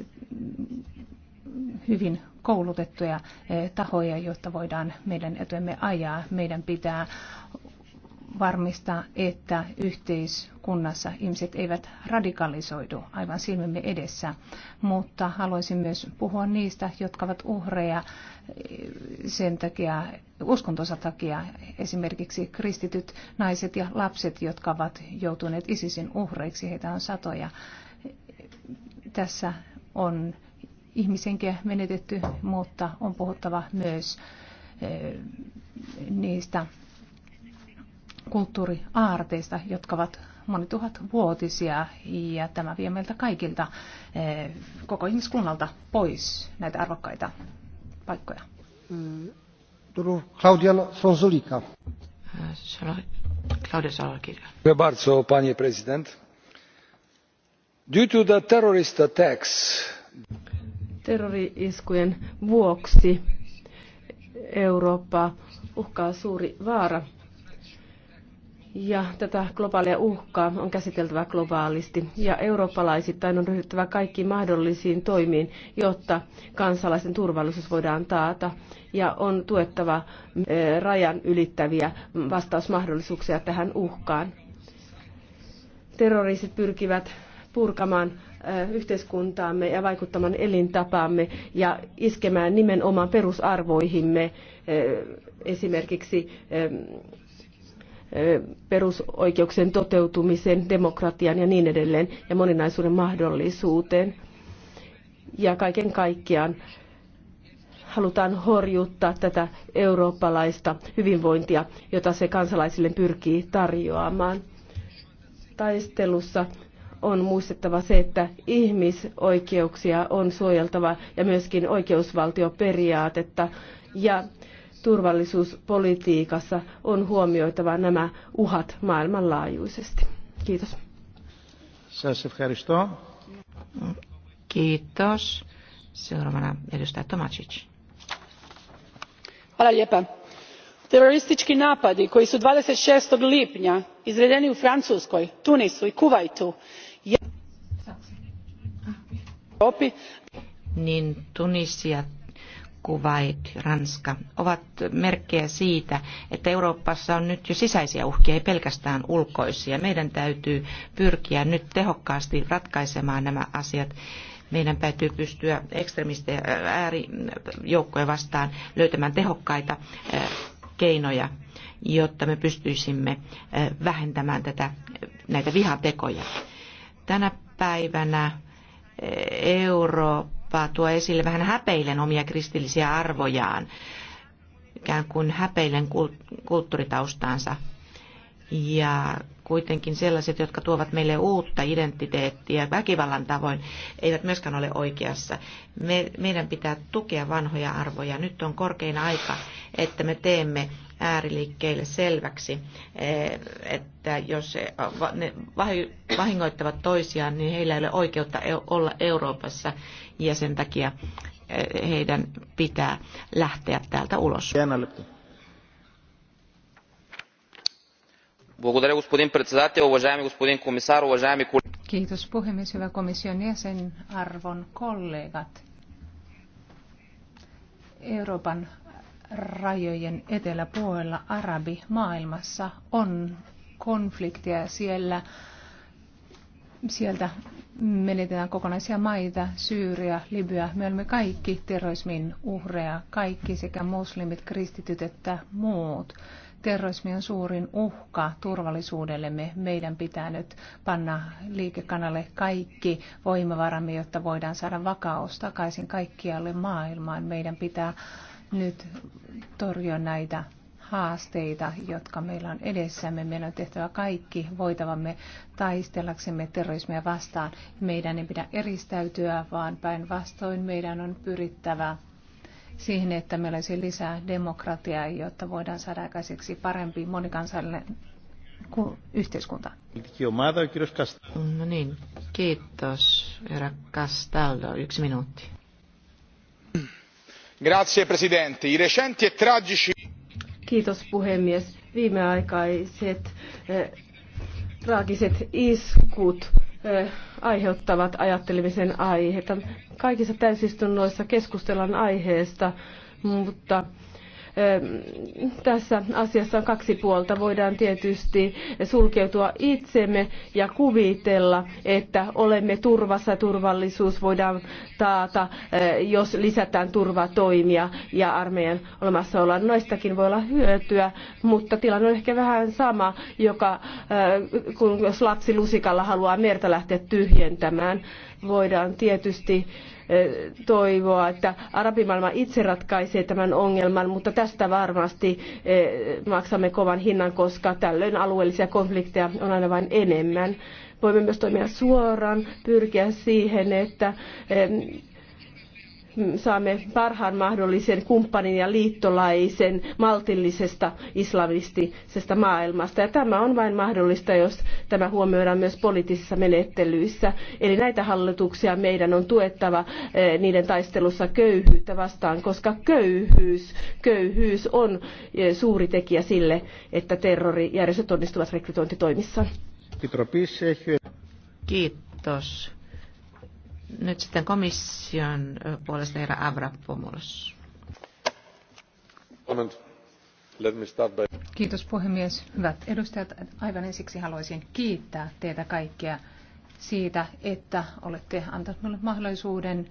Speaker 6: hyvin koulutettuja eh, tahoja, jotta voidaan meidän etuemme ajaa. Meidän pitää varmistaa, että yhteiskunnassa ihmiset eivät radikalisoidu aivan silmimme edessä, mutta haluaisin myös puhua niistä, jotka ovat uhreja eh, sen takia, uskontonsa takia, esimerkiksi kristityt naiset ja lapset, jotka ovat joutuneet ISISin uhreiksi, heitä on satoja. Tässä on ihmisenkin menetetty, mutta on puhuttava myös eh, niistä kulttuuriaarteista, jotka ovat monituhatvuotisia ja tämä vie meiltä kaikilta eh, koko ihmiskunnalta pois näitä arvokkaita paikkoja.
Speaker 4: Mm. Claudia Sonsulika. Äh,
Speaker 6: Claudia
Speaker 2: Salakirja. panie president. Due to the terrorist
Speaker 3: attacks.
Speaker 5: Terrori-iskujen vuoksi Eurooppa uhkaa suuri vaara ja tätä globaalia uhkaa on käsiteltävä globaalisti ja eurooppalaisittain on ryhdyttävä kaikkiin mahdollisiin toimiin, jotta kansalaisten turvallisuus voidaan taata ja on tuettava eh, rajan ylittäviä vastausmahdollisuuksia tähän uhkaan. Terroristit pyrkivät purkamaan eh, yhteiskuntaamme ja vaikuttamaan elintapaamme ja iskemään nimenomaan perusarvoihimme eh, esimerkiksi perusoikeuksien toteutumiseen, demokratian ja niin edelleen ja moninaisuuden mahdollisuuteen. Ja kaiken kaikkiaan halutaan horjuttaa tätä eurooppalaista hyvinvointia, jota se kansalaisille pyrkii tarjoamaan. Taistelussa on muistettava se, että ihmisoikeuksia on suojeltava ja myöskin oikeusvaltioperiaatetta ja turvallisuuspolitiikassa on huomioitava nämä uhat
Speaker 4: maailmanlaajuisesti. Kiitos. Kiitos. Seuraavana edustaja Tomacic.
Speaker 5: Hvala lijepa. Teroristički napadi koji su 26. lipnja
Speaker 1: izredeni u Francuskoj, Tunisu i Kuvajtu
Speaker 4: europi niin Tunisia Kuwait, Ranska ovat merkkejä siitä, että Euroopassa on nyt jo sisäisiä uhkia, ei pelkästään ulkoisia. Meidän täytyy pyrkiä nyt tehokkaasti ratkaisemaan nämä asiat. Meidän täytyy pystyä ekstremistejä äärijoukkoja vastaan löytämään tehokkaita keinoja, jotta me pystyisimme vähentämään tätä, näitä vihatekoja. Tänä päivänä Eurooppa Eurooppa tuo esille vähän häpeilen omia kristillisiä arvojaan, ikään kuin häpeilen kulttuuritaustaansa ja kuitenkin sellaiset, jotka tuovat meille uutta identiteettiä väkivallan tavoin, eivät myöskään ole oikeassa. Me, meidän pitää tukea vanhoja arvoja. Nyt on korkein aika, että me teemme ääriliikkeille selväksi, eh, että jos ne vahingoittavat toisiaan, niin heillä ei ole oikeutta e, olla Euroopassa ja sen takia eh, heidän pitää lähteä täältä ulos.
Speaker 6: господин
Speaker 2: председател уважаеми господин комисар уважаеми колеги
Speaker 6: Kiitos puhemies, hyvä komission jäsen, arvon kollegat. Euroopan rajojen eteläpuolella arabimaailmassa on konflikteja siellä. Sieltä menetetään kokonaisia maita, Syyria, Libya. Me olemme kaikki terrorismin uhreja, kaikki sekä muslimit, kristityt että muut. Terrorismi on suurin uhka turvallisuudellemme. Meidän pitää nyt panna liikekanalle kaikki voimavaramme, jotta voidaan saada vakaus takaisin kaikkialle maailmaan. Meidän pitää nyt torjua näitä haasteita, jotka meillä on edessämme. Meidän on tehtävä kaikki voitavamme taistellaksemme terrorismia vastaan. Meidän ei pidä eristäytyä, vaan päinvastoin meidän on pyrittävä siihen, että meillä olisi lisää demokratiaa, jotta voidaan saada aikaiseksi parempi monikansallinen yhteiskunta.
Speaker 4: No niin, kiitos. Herra Castaldo, yksi minuutti. Grazie Presidente. I recenti e
Speaker 3: tragici...
Speaker 4: Kiitos puhemies. Viimeaikaiset eh,
Speaker 5: traagiset iskut aiheuttavat ajattelemisen aiheita. Kaikissa täysistunnoissa keskustellaan aiheesta, mutta tässä asiassa on kaksi puolta. Voidaan tietysti sulkeutua itsemme ja kuvitella, että olemme turvassa, turvallisuus voidaan taata, jos lisätään turvatoimia ja armeijan olemassaoloa. Noistakin voi olla hyötyä, mutta tilanne on ehkä vähän sama, joka, kun jos lapsi lusikalla haluaa merta lähteä tyhjentämään. Voidaan tietysti toivoa, että arabimaailma itse ratkaisee tämän ongelman, mutta tästä varmasti maksamme kovan hinnan, koska tällöin alueellisia konflikteja on aina vain enemmän. Voimme myös toimia suoraan, pyrkiä siihen, että saamme parhaan mahdollisen kumppanin ja liittolaisen maltillisesta islamistisesta maailmasta. Ja tämä on vain mahdollista, jos tämä huomioidaan myös poliittisissa menettelyissä. Eli näitä hallituksia meidän on tuettava eh, niiden taistelussa köyhyyttä vastaan, koska köyhyys, köyhyys on eh, suuri tekijä sille, että terrorijärjestöt onnistuvat rekrytointitoimissaan.
Speaker 4: Kiitos. Nyt sitten komission puolesta herra pomulos.
Speaker 6: Kiitos puhemies. Hyvät edustajat, aivan ensiksi haluaisin kiittää teitä kaikkia siitä, että olette antaneet minulle mahdollisuuden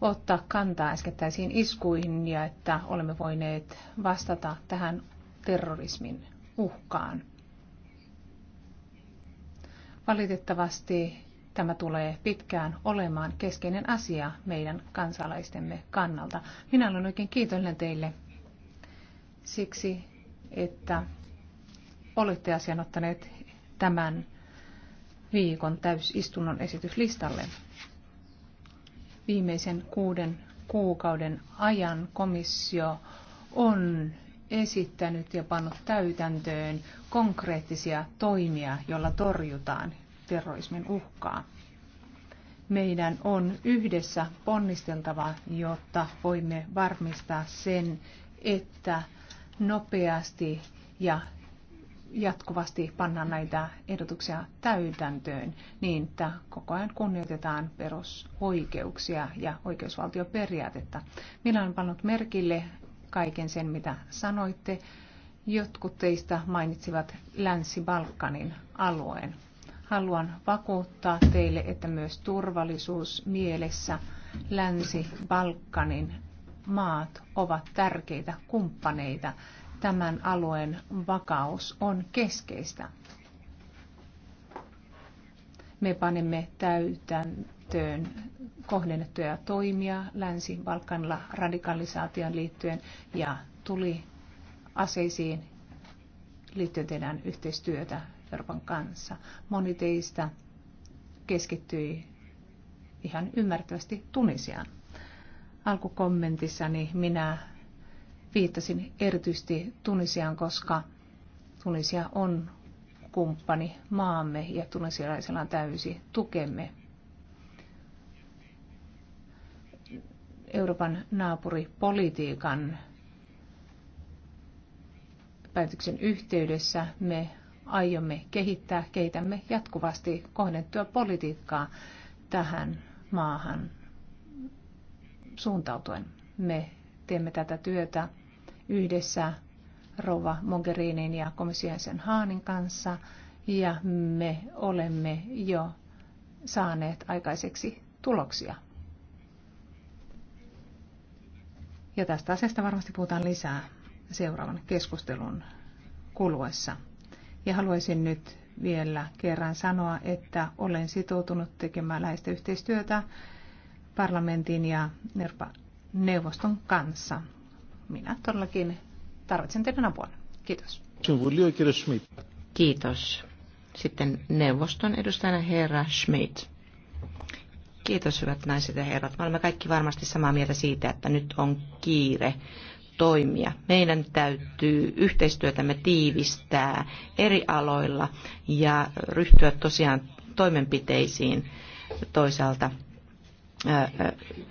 Speaker 6: ottaa kantaa äskettäisiin iskuihin ja että olemme voineet vastata tähän terrorismin uhkaan. Valitettavasti Tämä tulee pitkään olemaan keskeinen asia meidän kansalaistemme kannalta. Minä olen oikein kiitollinen teille siksi, että olette asian ottaneet tämän viikon täysistunnon esityslistalle. Viimeisen kuuden kuukauden ajan komissio on esittänyt ja pannut täytäntöön konkreettisia toimia, joilla torjutaan terrorismin uhkaa. Meidän on yhdessä ponnisteltava, jotta voimme varmistaa sen, että nopeasti ja jatkuvasti panna näitä ehdotuksia täytäntöön niin, että koko ajan kunnioitetaan perusoikeuksia ja oikeusvaltioperiaatetta. Minä olen pannut merkille kaiken sen, mitä sanoitte. Jotkut teistä mainitsivat Länsi-Balkanin alueen haluan vakuuttaa teille, että myös turvallisuus mielessä Länsi-Balkanin maat ovat tärkeitä kumppaneita. Tämän alueen vakaus on keskeistä. Me panemme täytäntöön kohdennettuja toimia Länsi-Balkanilla radikalisaation liittyen ja tuli aseisiin liittyen tehdään yhteistyötä Euroopan kanssa. Moni teistä keskittyi ihan ymmärtävästi Tunisiaan. Alkukommentissani minä viittasin erityisesti Tunisiaan, koska Tunisia on kumppani maamme ja tunisialaisella on täysi tukemme. Euroopan naapuripolitiikan päätöksen yhteydessä me aiomme kehittää, kehitämme jatkuvasti kohdentua politiikkaa tähän maahan suuntautuen. Me teemme tätä työtä yhdessä Rova Mogherinin ja komission sen Haanin kanssa ja me olemme jo saaneet aikaiseksi tuloksia. Ja tästä asiasta varmasti puhutaan lisää seuraavan keskustelun kuluessa. Ja haluaisin nyt vielä kerran sanoa, että olen sitoutunut tekemään läheistä yhteistyötä parlamentin ja neuvoston kanssa. Minä todellakin tarvitsen teidän apua. Kiitos.
Speaker 4: Kiitos. Sitten neuvoston edustajana herra Schmidt. Kiitos hyvät naiset ja herrat. Me olemme kaikki varmasti samaa mieltä siitä, että nyt on kiire toimia. Meidän täytyy yhteistyötämme tiivistää eri aloilla ja ryhtyä tosiaan toimenpiteisiin toisaalta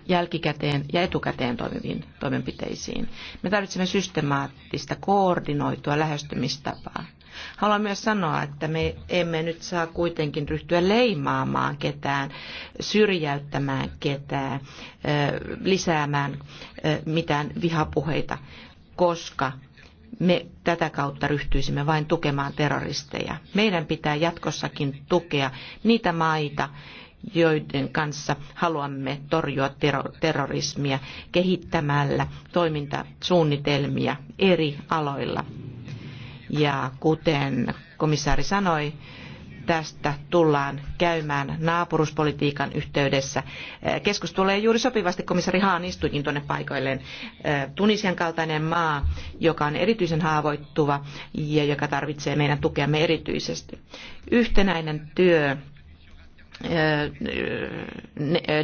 Speaker 4: jälkikäteen ja etukäteen toimiviin toimenpiteisiin. Me tarvitsemme systemaattista, koordinoitua lähestymistapaa Haluan myös sanoa, että me emme nyt saa kuitenkin ryhtyä leimaamaan ketään, syrjäyttämään ketään, lisäämään mitään vihapuheita, koska me tätä kautta ryhtyisimme vain tukemaan terroristeja. Meidän pitää jatkossakin tukea niitä maita, joiden kanssa haluamme torjua terrorismia kehittämällä toimintasuunnitelmia eri aloilla ja kuten komissaari sanoi, tästä tullaan käymään naapuruspolitiikan yhteydessä. Äh, Keskustelulle juuri sopivasti komissari Haan istuikin tuonne paikoilleen. Äh, Tunisian kaltainen maa, joka on erityisen haavoittuva ja joka tarvitsee meidän tukeamme erityisesti. Yhtenäinen työ äh,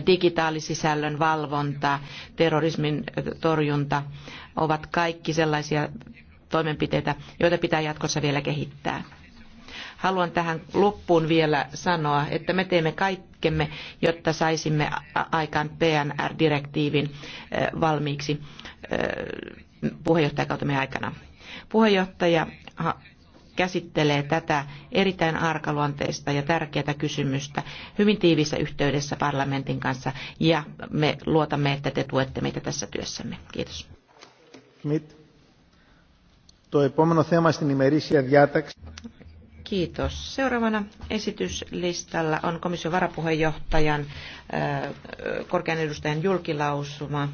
Speaker 4: digitaalisisällön valvonta, terrorismin torjunta ovat kaikki sellaisia toimenpiteitä, joita pitää jatkossa vielä kehittää. Haluan tähän loppuun vielä sanoa, että me teemme kaikkemme, jotta saisimme aikaan PNR-direktiivin eh, valmiiksi eh, puheenjohtajakautemme aikana. Puheenjohtaja käsittelee tätä erittäin arkaluonteista ja tärkeää kysymystä hyvin tiivissä yhteydessä parlamentin kanssa ja me luotamme, että te tuette meitä tässä työssämme. Kiitos.
Speaker 3: Το επόμενο θέμα στην ημερήσια διάταξη.
Speaker 4: Kiitos. Seuraavana esityslistalla on komission varapuheenjohtajan korkean edustajan julkilausuma